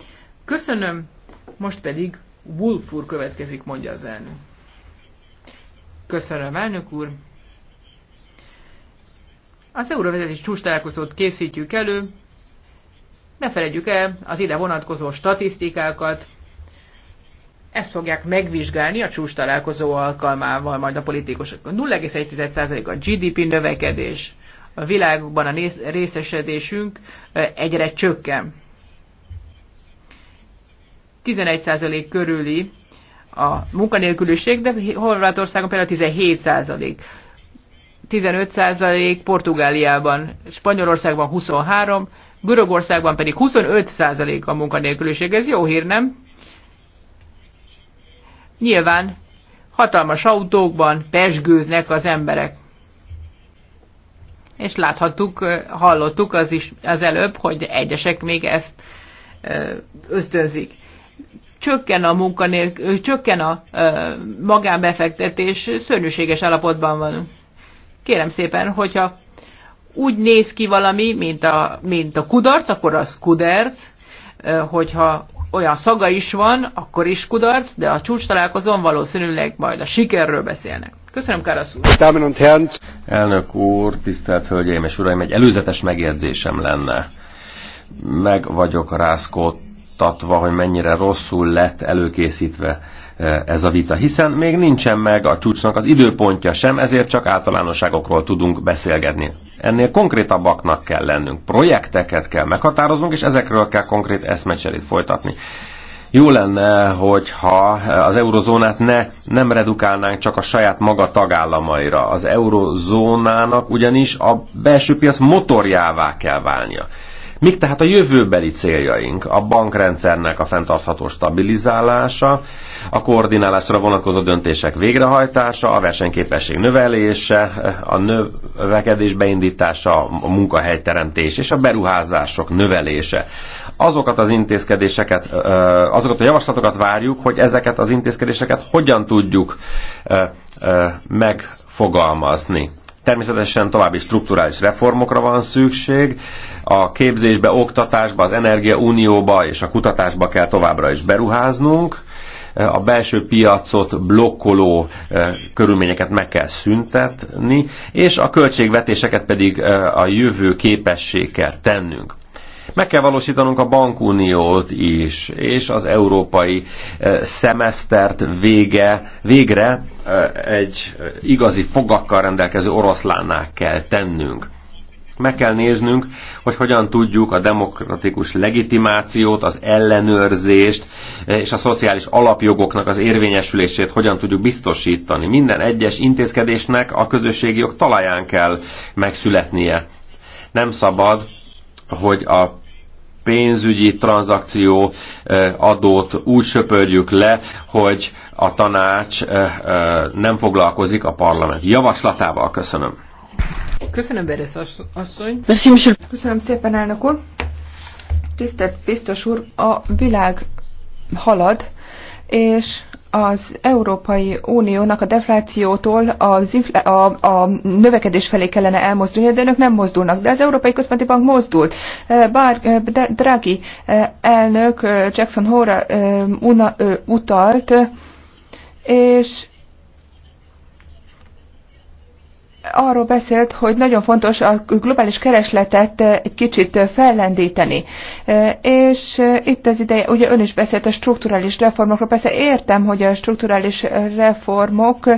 Köszönöm, most pedig Wolf úr következik, mondja az elnök. Köszönöm, elnök úr. Az euróvezetés csúcs találkozót készítjük elő. Ne felejtjük el az ide vonatkozó statisztikákat. Ezt fogják megvizsgálni a csúcs találkozó alkalmával majd a politikusok. 0,1% a GDP növekedés, a világban a részesedésünk egyre csökken. 11% körüli a munkanélküliség, de Horvátországon például 17%. 15%, Portugáliában, Spanyolországban 23, Görögországban pedig 25% a munkanélküliség. Ez jó hír, nem? Nyilván hatalmas autókban pesgőznek az emberek és láthattuk, hallottuk az, is, az előbb, hogy egyesek még ezt ösztönzik. Csökken a munkanél, csökken a magánbefektetés, szörnyűséges állapotban van. Kérem szépen, hogyha úgy néz ki valami, mint a, mint a kudarc, akkor az kudarc, hogyha olyan szaga is van, akkor is kudarc, de a csúcs találkozón valószínűleg majd a sikerről beszélnek. Köszönöm, Káros úr! Elnök úr, tisztelt Hölgyeim és Uraim, egy előzetes megjegyzésem lenne. Meg vagyok rászkodtatva, hogy mennyire rosszul lett előkészítve Eh, ez a vita, hiszen még nincsen meg a csúcsnak az időpontja sem, ezért csak általánosságokról tudunk beszélgetni. Ennél konkrétabbaknak kell lennünk, projekteket kell meghatároznunk, és ezekről kell konkrét eszmecserét folytatni jó lenne, hogyha az eurozónát ne, nem redukálnánk csak a saját maga tagállamaira. Az eurozónának ugyanis a belső piac motorjává kell válnia. Mik tehát a jövőbeli céljaink? A bankrendszernek a fenntartható stabilizálása, a koordinálásra vonatkozó döntések végrehajtása, a versenyképesség növelése, a növekedés beindítása, a munkahelyteremtés és a beruházások növelése. Azokat az intézkedéseket, azokat a javaslatokat várjuk, hogy ezeket az intézkedéseket hogyan tudjuk megfogalmazni. Természetesen további strukturális reformokra van szükség. A képzésbe, oktatásba, az energiaunióba és a kutatásba kell továbbra is beruháznunk a belső piacot blokkoló eh, körülményeket meg kell szüntetni, és a költségvetéseket pedig eh, a jövő képessé kell tennünk. Meg kell valósítanunk a bankuniót is, és az európai eh, szemesztert vége, végre eh, egy eh, igazi fogakkal rendelkező oroszlánnál kell tennünk. Meg kell néznünk, hogy hogyan tudjuk a demokratikus legitimációt, az ellenőrzést és a szociális alapjogoknak az érvényesülését hogyan tudjuk biztosítani. Minden egyes intézkedésnek a közösségi jog talaján kell megszületnie. Nem szabad, hogy a pénzügyi tranzakció eh, adót úgy söpörjük le, hogy a tanács eh, eh, nem foglalkozik a parlament javaslatával. Köszönöm. Köszönöm, Beres asszony. Köszönöm szépen, elnök úr. Tisztelt biztos úr, a világ halad, és az Európai Uniónak a deflációtól az a, a növekedés felé kellene elmozdulni, de önök nem mozdulnak. De az Európai Központi Bank mozdult. Eh, Bár eh, Draghi eh, elnök Jackson Hora utalt, és arról beszélt, hogy nagyon fontos a globális keresletet eh, egy kicsit eh, fellendíteni. Eh, és itt az ideje, ugye ön is beszélt a strukturális reformokról, persze értem, hogy a strukturális reformok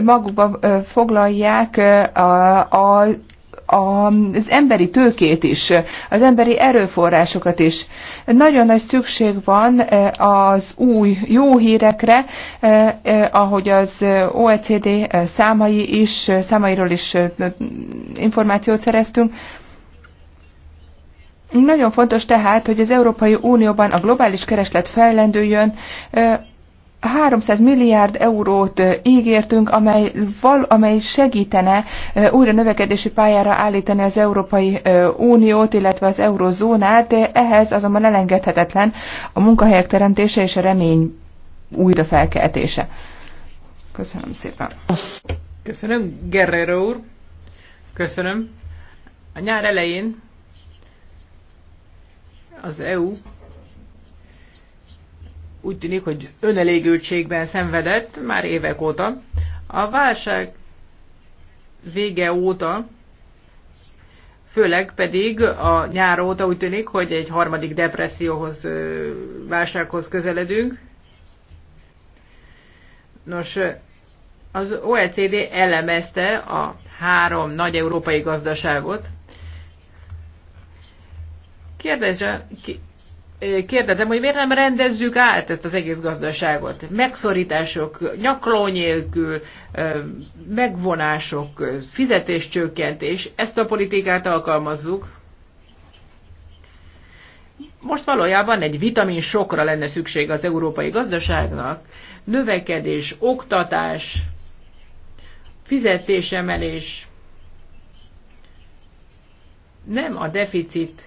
magukba foglalják a, a az emberi tőkét is, az emberi erőforrásokat is. Nagyon nagy szükség van eh, az új jó hírekre, eh, eh, ahogy az OECD számai is, számairól is információt szereztünk, nagyon fontos tehát, hogy az Európai Unióban a globális kereslet fejlendüljön, 300 milliárd eurót ígértünk, amely, val, amely segítene újra növekedési pályára állítani az Európai Uniót, illetve az eurozónát, ehhez azonban elengedhetetlen a munkahelyek teremtése és a remény újrafelkeltése. Köszönöm szépen. Köszönöm, Guerrero úr. Köszönöm. A nyár elején az EU úgy tűnik, hogy önelégültségben szenvedett már évek óta. A válság vége óta, főleg pedig a nyár óta úgy tűnik, hogy egy harmadik depresszióhoz, válsághoz közeledünk. Nos, az OECD elemezte a három nagy európai gazdaságot. Kérdezze, kérdezem, hogy miért nem rendezzük át ezt az egész gazdaságot? Megszorítások, nyakló nélkül, megvonások, fizetéscsökkentés, ezt a politikát alkalmazzuk. Most valójában egy vitamin sokra lenne szükség az európai gazdaságnak. Növekedés, oktatás, fizetésemelés. Nem a deficit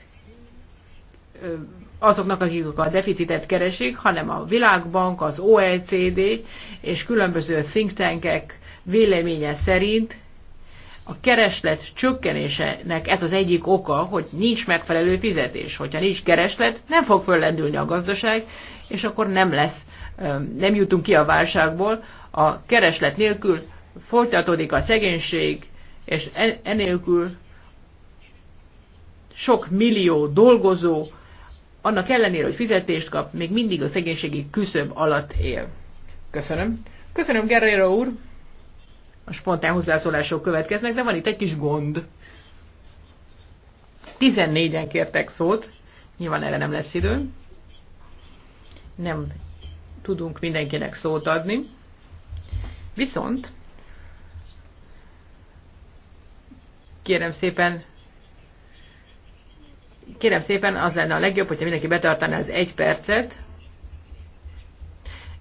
azoknak, akik a deficitet keresik, hanem a Világbank, az OECD és különböző think tankek véleménye szerint a kereslet csökkenésének ez az egyik oka, hogy nincs megfelelő fizetés. Hogyha nincs kereslet, nem fog föllendülni a gazdaság, és akkor nem lesz, nem jutunk ki a válságból. A kereslet nélkül folytatódik a szegénység, és enélkül sok millió dolgozó annak ellenére, hogy fizetést kap, még mindig a szegénységi küszöb alatt él. Köszönöm. Köszönöm, Guerrero úr. A spontán hozzászólások következnek, de van itt egy kis gond. 14-en kértek szót, nyilván erre nem lesz idő. Nem tudunk mindenkinek szót adni. Viszont kérem szépen Kérem szépen, az lenne a legjobb, hogyha mindenki betartaná az egy percet.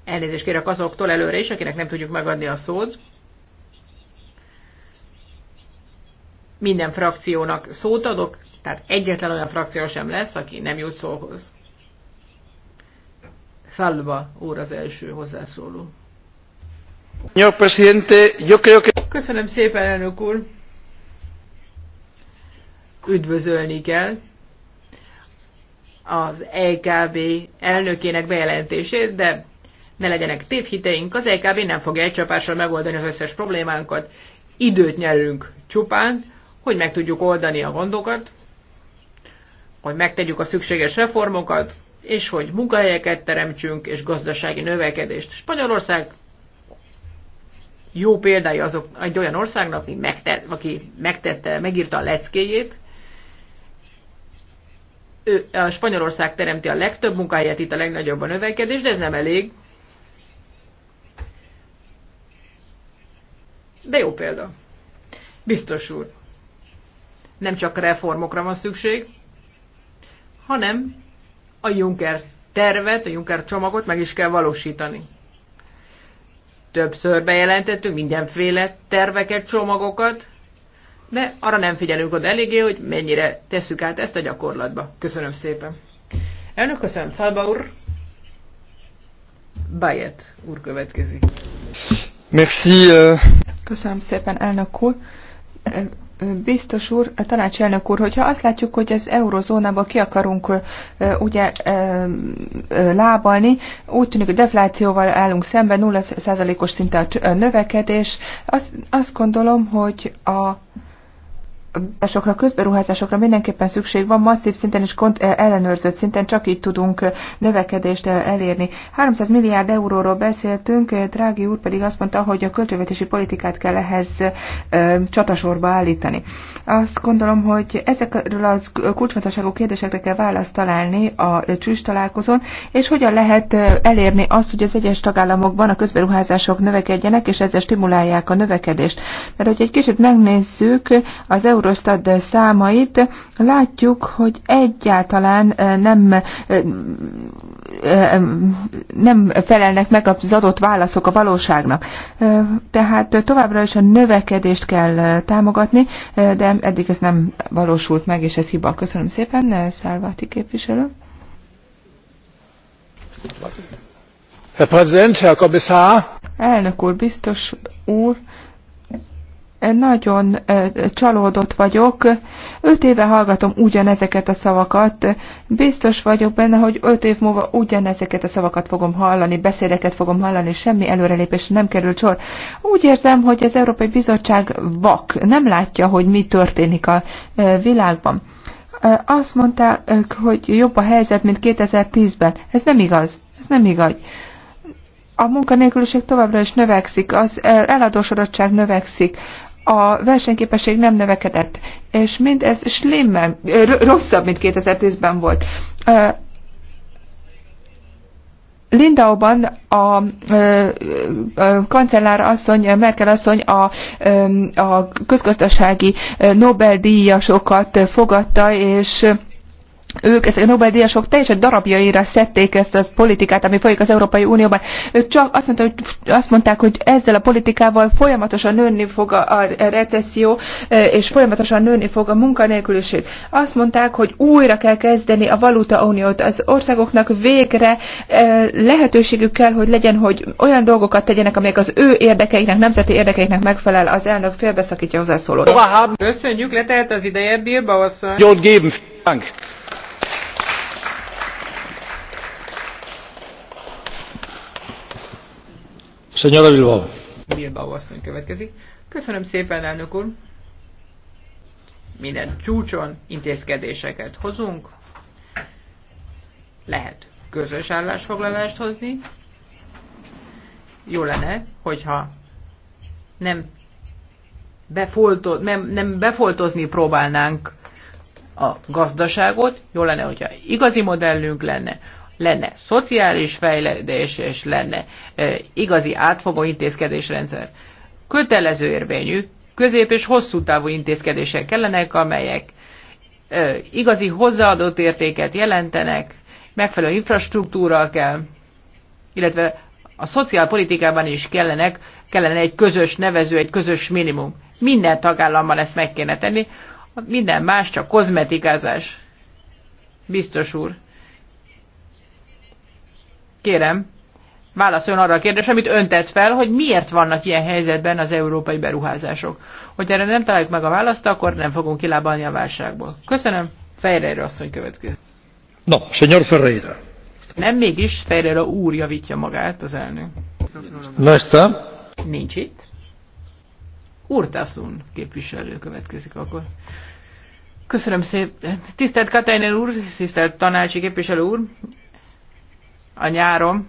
Elnézést kérek azoktól előre is, akinek nem tudjuk megadni a szót. Minden frakciónak szót adok, tehát egyetlen olyan frakció sem lesz, aki nem jut szóhoz. Falva úr az első hozzászóló. Köszönöm szépen, elnök úr! Üdvözölni kell az EKB elnökének bejelentését, de ne legyenek tévhiteink, az EKB nem fogja egy csapással megoldani az összes problémánkat, időt nyerünk csupán, hogy meg tudjuk oldani a gondokat, hogy megtegyük a szükséges reformokat, és hogy munkahelyeket teremtsünk, és gazdasági növekedést. Spanyolország jó példája azok egy olyan országnak, aki, aki megtette, megírta a leckéjét, ő, a Spanyolország teremti a legtöbb munkáját, itt a legnagyobb a növekedés, de ez nem elég. De jó példa. Biztos úr. Nem csak reformokra van szükség, hanem a Juncker tervet, a Juncker csomagot meg is kell valósítani. Többször bejelentettünk mindenféle terveket, csomagokat, de arra nem figyelünk oda eléggé, hogy mennyire tesszük át ezt a gyakorlatba. Köszönöm szépen. Elnök, köszönöm. Falba úr. Bayet úr következik. Merci. Euh. Köszönöm szépen, elnök úr. Biztos úr, tanácselnök úr, hogyha azt látjuk, hogy az eurozónába ki akarunk ugye lábalni, úgy tűnik, hogy deflációval állunk szemben, 0%-os szinte a növekedés. Azt, azt gondolom, hogy a beruházásokra, közberuházásokra mindenképpen szükség van, masszív szinten és kont- eh, ellenőrzött szinten csak így tudunk eh, növekedést eh, elérni. 300 milliárd euróról beszéltünk, Drági úr pedig azt mondta, hogy a költségvetési politikát kell ehhez csatasorba állítani. Azt gondolom, hogy ezekről az kulcsfontosságú kérdésekre kell választ találni a csúcs találkozón, és hogyan lehet elérni azt, hogy az egyes tagállamokban a közberuházások növekedjenek, és ezzel stimulálják a növekedést. Mert hogy egy kicsit megnézzük az euró Eurostat eh, számait, látjuk, hogy egyáltalán eh, nem, eh, nem felelnek meg az adott válaszok a valóságnak. Tehát továbbra is a növekedést kell támogatni, de eddig ez nem valósult meg, és ez hiba. Köszönöm szépen, Szálváti képviselő. Herr Präsident, Herr Kommissar! Elnök úr, biztos úr, nagyon csalódott vagyok. Öt éve hallgatom ugyanezeket a szavakat. Biztos vagyok benne, hogy öt év múlva ugyanezeket a szavakat fogom hallani, beszédeket fogom hallani, semmi előrelépés, nem kerül sor. Úgy érzem, hogy az Európai Bizottság vak, nem látja, hogy mi történik a világban. Azt mondták, hogy jobb a helyzet, mint 2010-ben. Ez nem igaz. Ez nem igaz a munkanélküliség továbbra is növekszik, az eladósodottság növekszik, a versenyképesség nem növekedett, és mindez slimmel, rosszabb, mint 2010-ben volt. Lindauban a, a kancellár asszony, Merkel asszony a, a közgazdasági Nobel-díjasokat fogadta, és ők, ezek a Nobel-díjasok teljesen darabjaira szedték ezt a politikát, ami folyik az Európai Unióban. Ők csak azt, mondta, hogy, azt mondták, hogy ezzel a politikával folyamatosan nőni fog a, a recesszió, e, és folyamatosan nőni fog a munkanélküliség. Azt mondták, hogy újra kell kezdeni a valuta uniót. Az országoknak végre e, lehetőségük kell, hogy legyen, hogy olyan dolgokat tegyenek, amelyek az ő érdekeiknek, nemzeti érdekeiknek megfelel. Az elnök félbeszakítja hozzászólót. Köszönjük, letelt az ideje, Bill asszony. Jót geben, Señora Bilbao. Bilbao asszony következik. Köszönöm szépen, elnök úr. Minden csúcson intézkedéseket hozunk. Lehet közös állásfoglalást hozni. Jó lenne, hogyha nem, befolto, nem, nem befoltozni próbálnánk a gazdaságot, jó lenne, hogyha igazi modellünk lenne, lenne szociális fejlődés, és lenne e, igazi átfogó intézkedésrendszer. Kötelező érvényű, közép- és hosszú távú intézkedések kellenek, amelyek e, igazi hozzáadott értéket jelentenek, megfelelő infrastruktúra kell, illetve a szociálpolitikában is kellenek, kellene egy közös nevező, egy közös minimum. Minden tagállamban ezt meg kéne tenni, minden más csak kozmetikázás. Biztos úr kérem, válaszoljon arra a kérdésre, amit ön tett fel, hogy miért vannak ilyen helyzetben az európai beruházások. Hogy erre nem találjuk meg a választ, akkor nem fogunk kilábalni a válságból. Köszönöm. Ferreira asszony következő. No, señor Ferreira. Nem mégis Ferreira úr javítja magát az elnök. No está. Nincs itt. Urtasun képviselő következik akkor. Köszönöm szépen. Tisztelt Katainen úr, tisztelt tanácsi képviselő úr, a nyáron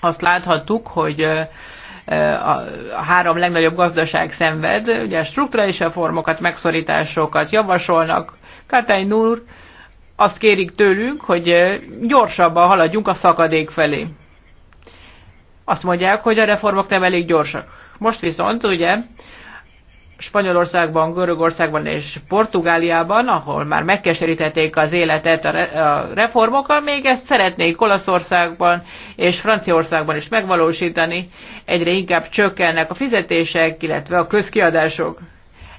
azt láthattuk, hogy a három legnagyobb gazdaság szenved, ugye strukturális reformokat, megszorításokat javasolnak. Katány úr azt kérik tőlünk, hogy gyorsabban haladjunk a szakadék felé. Azt mondják, hogy a reformok nem elég gyorsak. Most viszont ugye Spanyolországban, Görögországban és Portugáliában, ahol már megkeserítették az életet a reformokkal, még ezt szeretnék Olaszországban és Franciaországban is megvalósítani. Egyre inkább csökkennek a fizetések, illetve a közkiadások.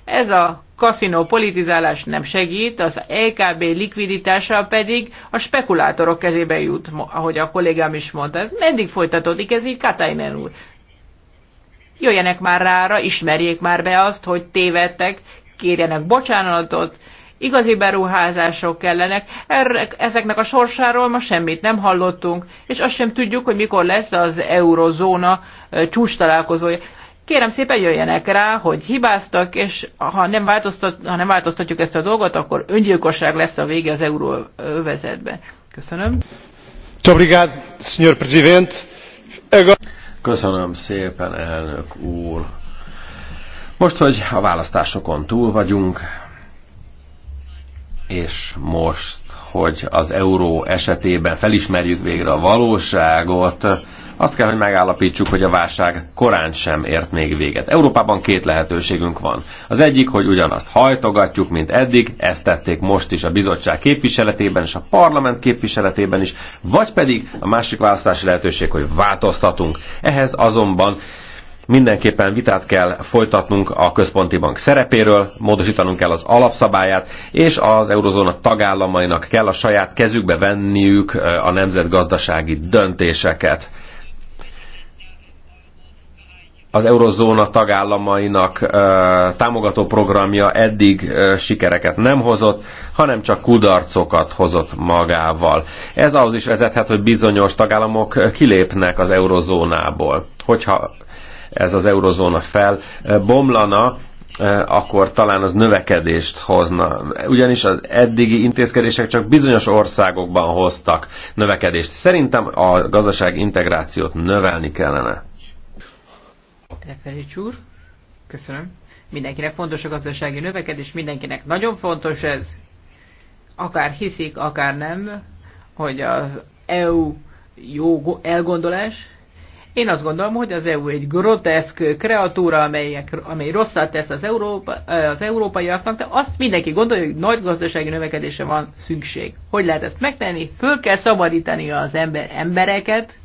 Ez a kaszinó politizálás nem segít, az EKB likviditása pedig a spekulátorok kezébe jut, ahogy a kollégám is mondta. Ez meddig folytatódik ez így, Katainen úr? jöjjenek már rára, ismerjék már be azt, hogy tévedtek, kérjenek bocsánatot, igazi beruházások kellenek, Erre, ezeknek a sorsáról ma semmit nem hallottunk, és azt sem tudjuk, hogy mikor lesz az eurozóna csúcs találkozója. Kérem szépen jöjjenek rá, hogy hibáztak, és ha nem, változtat, ha nem változtatjuk ezt a dolgot, akkor öngyilkosság lesz a vége az euróvezetben. Köszönöm. Obrigado, Sr. Presidente. Köszönöm szépen, elnök úr. Most, hogy a választásokon túl vagyunk, és most, hogy az euró esetében felismerjük végre a valóságot, azt kell, hogy megállapítsuk, hogy a válság korán sem ért még véget. Európában két lehetőségünk van. Az egyik, hogy ugyanazt hajtogatjuk, mint eddig, ezt tették most is a bizottság képviseletében és a parlament képviseletében is, vagy pedig a másik választási lehetőség, hogy változtatunk. Ehhez azonban mindenképpen vitát kell folytatnunk a központi bank szerepéről, módosítanunk kell az alapszabályát, és az eurozóna tagállamainak kell a saját kezükbe venniük a nemzetgazdasági döntéseket az eurozóna tagállamainak támogató programja eddig sikereket nem hozott, hanem csak kudarcokat hozott magával. Ez ahhoz is vezethet, hogy bizonyos tagállamok kilépnek az eurozónából. Hogyha ez az eurozóna fel bomlana, akkor talán az növekedést hozna. Ugyanis az eddigi intézkedések csak bizonyos országokban hoztak növekedést. Szerintem a gazdaság integrációt növelni kellene. Referics úr, köszönöm. Mindenkinek fontos a gazdasági növekedés, mindenkinek nagyon fontos ez. Akár hiszik, akár nem, hogy az EU jó elgondolás. Én azt gondolom, hogy az EU egy groteszk kreatúra, amelyek, amely rosszat tesz az, Európa, az európaiaknak, de azt mindenki gondolja, hogy nagy gazdasági növekedése van szükség. Hogy lehet ezt megtenni? Föl kell szabadítani az ember, embereket,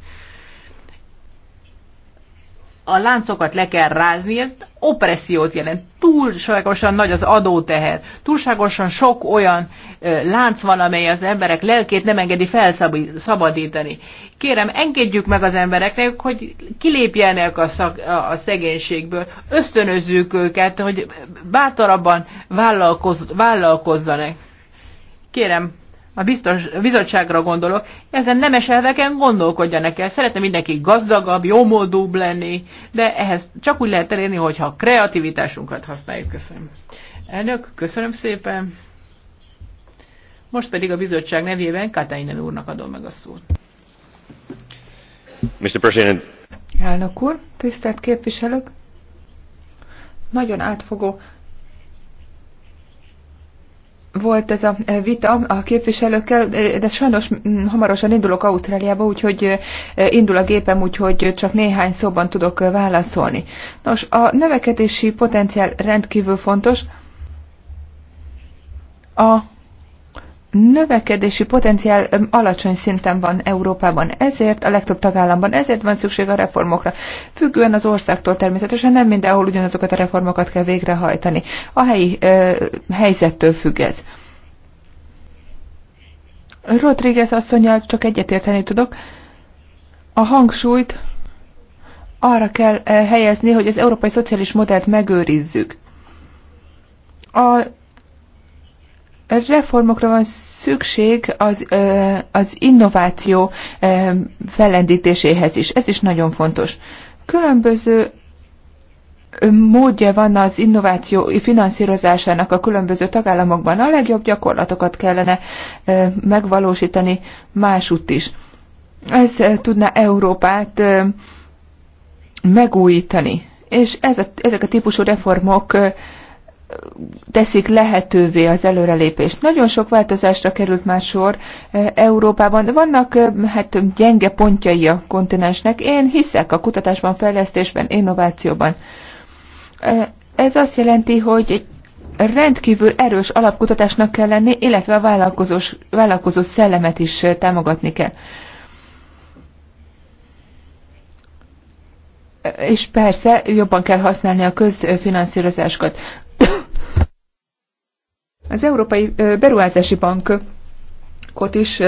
a láncokat le kell rázni, ez opressziót jelent. Túlságosan nagy az adóteher, túlságosan sok olyan ö, lánc van, amely az emberek lelkét nem engedi felszabadítani. Kérem, engedjük meg az embereknek, hogy kilépjenek a, szak, a, a szegénységből, ösztönözzük őket, hogy bátorabban vállalkoz, vállalkozzanak. Kérem, a biztos, a bizottságra gondolok, ezen nemes elveken gondolkodjanak el. Szeretne mindenki gazdagabb, jómódúbb lenni, de ehhez csak úgy lehet elérni, hogyha a kreativitásunkat használjuk. Köszönöm. Elnök, köszönöm szépen. Most pedig a bizottság nevében Katainen úrnak adom meg a szót. Mr. President. Elnök úr, tisztelt képviselők! Nagyon átfogó volt ez a vita a képviselőkkel, de sajnos mm, hamarosan indulok Ausztráliába, úgyhogy eh, indul a gépem, úgyhogy csak néhány szóban tudok eh, válaszolni. Nos, a növekedési potenciál rendkívül fontos. A növekedési potenciál alacsony szinten van Európában, ezért a legtöbb tagállamban, ezért van szükség a reformokra. Függően az országtól természetesen nem mindenhol ugyanazokat a reformokat kell végrehajtani. A helyi ö, helyzettől függ ez. Rodríguez asszonyjal csak egyetérteni tudok. A hangsúlyt arra kell helyezni, hogy az európai szociális modellt megőrizzük. A reformokra van szükség az, az innováció fellendítéséhez is. Ez is nagyon fontos. Különböző módja van az innováció finanszírozásának a különböző tagállamokban. A legjobb gyakorlatokat kellene megvalósítani másutt is. Ez tudná Európát megújítani. És ez a, ezek a típusú reformok teszik lehetővé az előrelépést. Nagyon sok változásra került már sor e, Európában, vannak e, hát gyenge pontjai a kontinensnek. Én hiszek a kutatásban, fejlesztésben, innovációban. E, ez azt jelenti, hogy egy rendkívül erős alapkutatásnak kell lenni, illetve a vállalkozós, vállalkozó szellemet is támogatni kell. És persze jobban kell használni a közfinanszírozásokat. Az Európai Beruházási Bankot is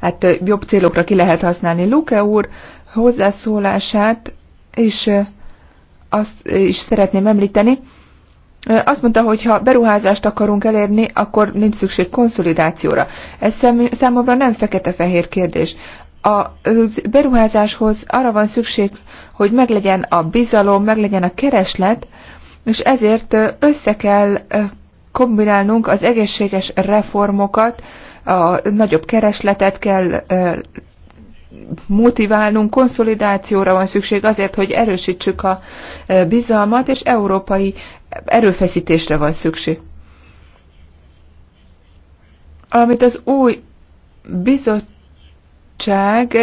hát jobb célokra ki lehet használni. Luke úr hozzászólását is azt is szeretném említeni. Azt mondta, hogy ha beruházást akarunk elérni, akkor nincs szükség konszolidációra. Ez számomra nem fekete-fehér kérdés. A beruházáshoz arra van szükség, hogy meglegyen a bizalom, meglegyen a kereslet, és ezért össze kell kombinálnunk az egészséges reformokat, a nagyobb keresletet kell motiválnunk, konszolidációra van szükség azért, hogy erősítsük a bizalmat, és európai erőfeszítésre van szükség. Amit az új bizottság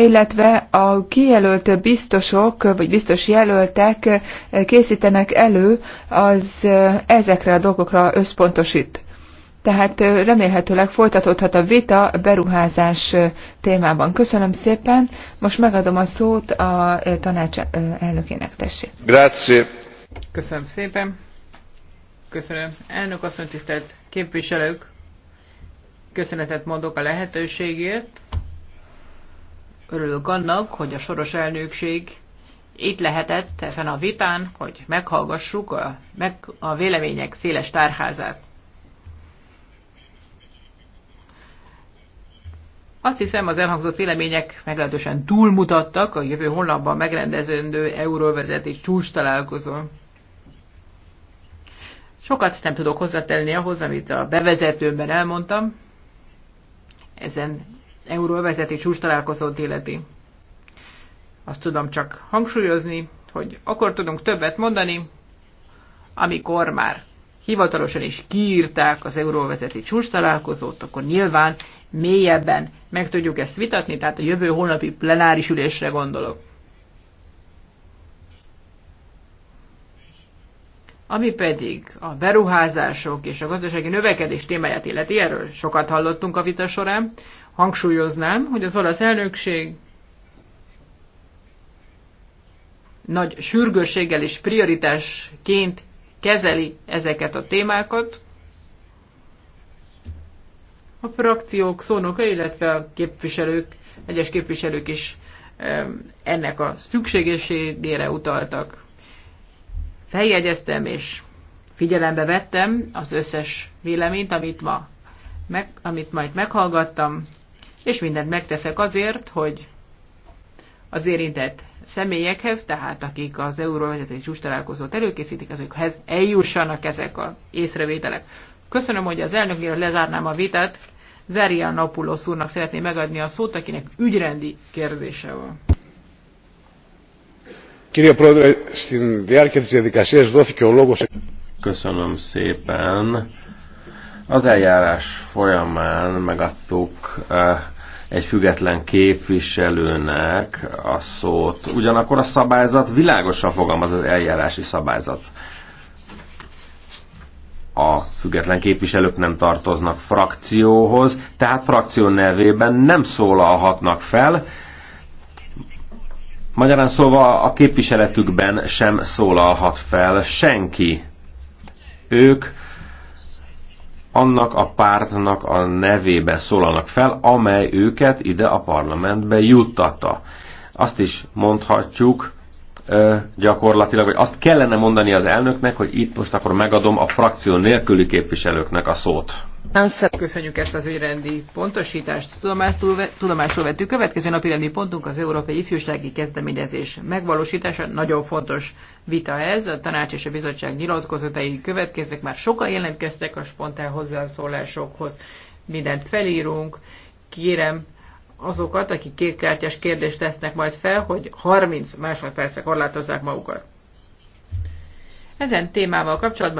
illetve a kijelölt biztosok, vagy biztos jelöltek készítenek elő, az ezekre a dolgokra összpontosít. Tehát remélhetőleg folytatódhat a vita beruházás témában. Köszönöm szépen, most megadom a szót a tanács elnökének, tessék. Grazie. Köszönöm szépen. Köszönöm. Elnök asszony, tisztelt képviselők, köszönetet mondok a lehetőségért, Örülök annak, hogy a soros elnökség itt lehetett ezen a vitán, hogy meghallgassuk a, meg a vélemények széles tárházát. Azt hiszem, az elhangzott vélemények meglehetősen túlmutattak a jövő hónapban megrendezendő euróvezetés csúcs találkozón. Sokat nem tudok hozzátenni ahhoz, amit a bevezetőben elmondtam. Ezen euróvezeti csúcs találkozót illeti. Azt tudom csak hangsúlyozni, hogy akkor tudunk többet mondani, amikor már hivatalosan is kiírták az euróvezeti csúcs találkozót, akkor nyilván mélyebben meg tudjuk ezt vitatni, tehát a jövő hónapi plenáris ülésre gondolok. Ami pedig a beruházások és a gazdasági növekedés témáját illeti, erről sokat hallottunk a vita során, hangsúlyoznám, hogy az olasz elnökség nagy sürgősséggel és prioritásként kezeli ezeket a témákat. A frakciók szónoka, illetve a képviselők, egyes képviselők is ennek a szükségességére utaltak. Feljegyeztem és figyelembe vettem az összes véleményt, amit ma meg, amit majd meghallgattam és mindent megteszek azért, hogy az érintett személyekhez, tehát akik az euróvezetés csúcs találkozót előkészítik, azokhez eljussanak ezek az észrevételek. Köszönöm, hogy az elnökére lezárnám a vitát. Zerian Napulos úrnak szeretném megadni a szót, akinek ügyrendi kérdése van. Köszönöm szépen. Az eljárás folyamán megadtuk eh, egy független képviselőnek a szót. Ugyanakkor a szabályzat világosan fogalmaz az eljárási szabályzat. A független képviselők nem tartoznak frakcióhoz, tehát frakció nevében nem szólalhatnak fel, Magyarán szóval a képviseletükben sem szólalhat fel senki. Ők annak a pártnak a nevébe szólalnak fel, amely őket ide a parlamentbe juttatta. Azt is mondhatjuk gyakorlatilag, hogy azt kellene mondani az elnöknek, hogy itt most akkor megadom a frakció nélküli képviselőknek a szót. Köszönjük ezt az ügyrendi pontosítást. Tudomásul vettük. Következő napi rendi pontunk az Európai Ifjúsági Kezdeményezés megvalósítása. Nagyon fontos vita ez. A tanács és a bizottság nyilatkozatai következnek. Már sokan jelentkeztek a spontán hozzászólásokhoz. Mindent felírunk. Kérem azokat, akik kékkártyás kérdést tesznek majd fel, hogy 30 másodpercre korlátozzák magukat. Ezen témával kapcsolatban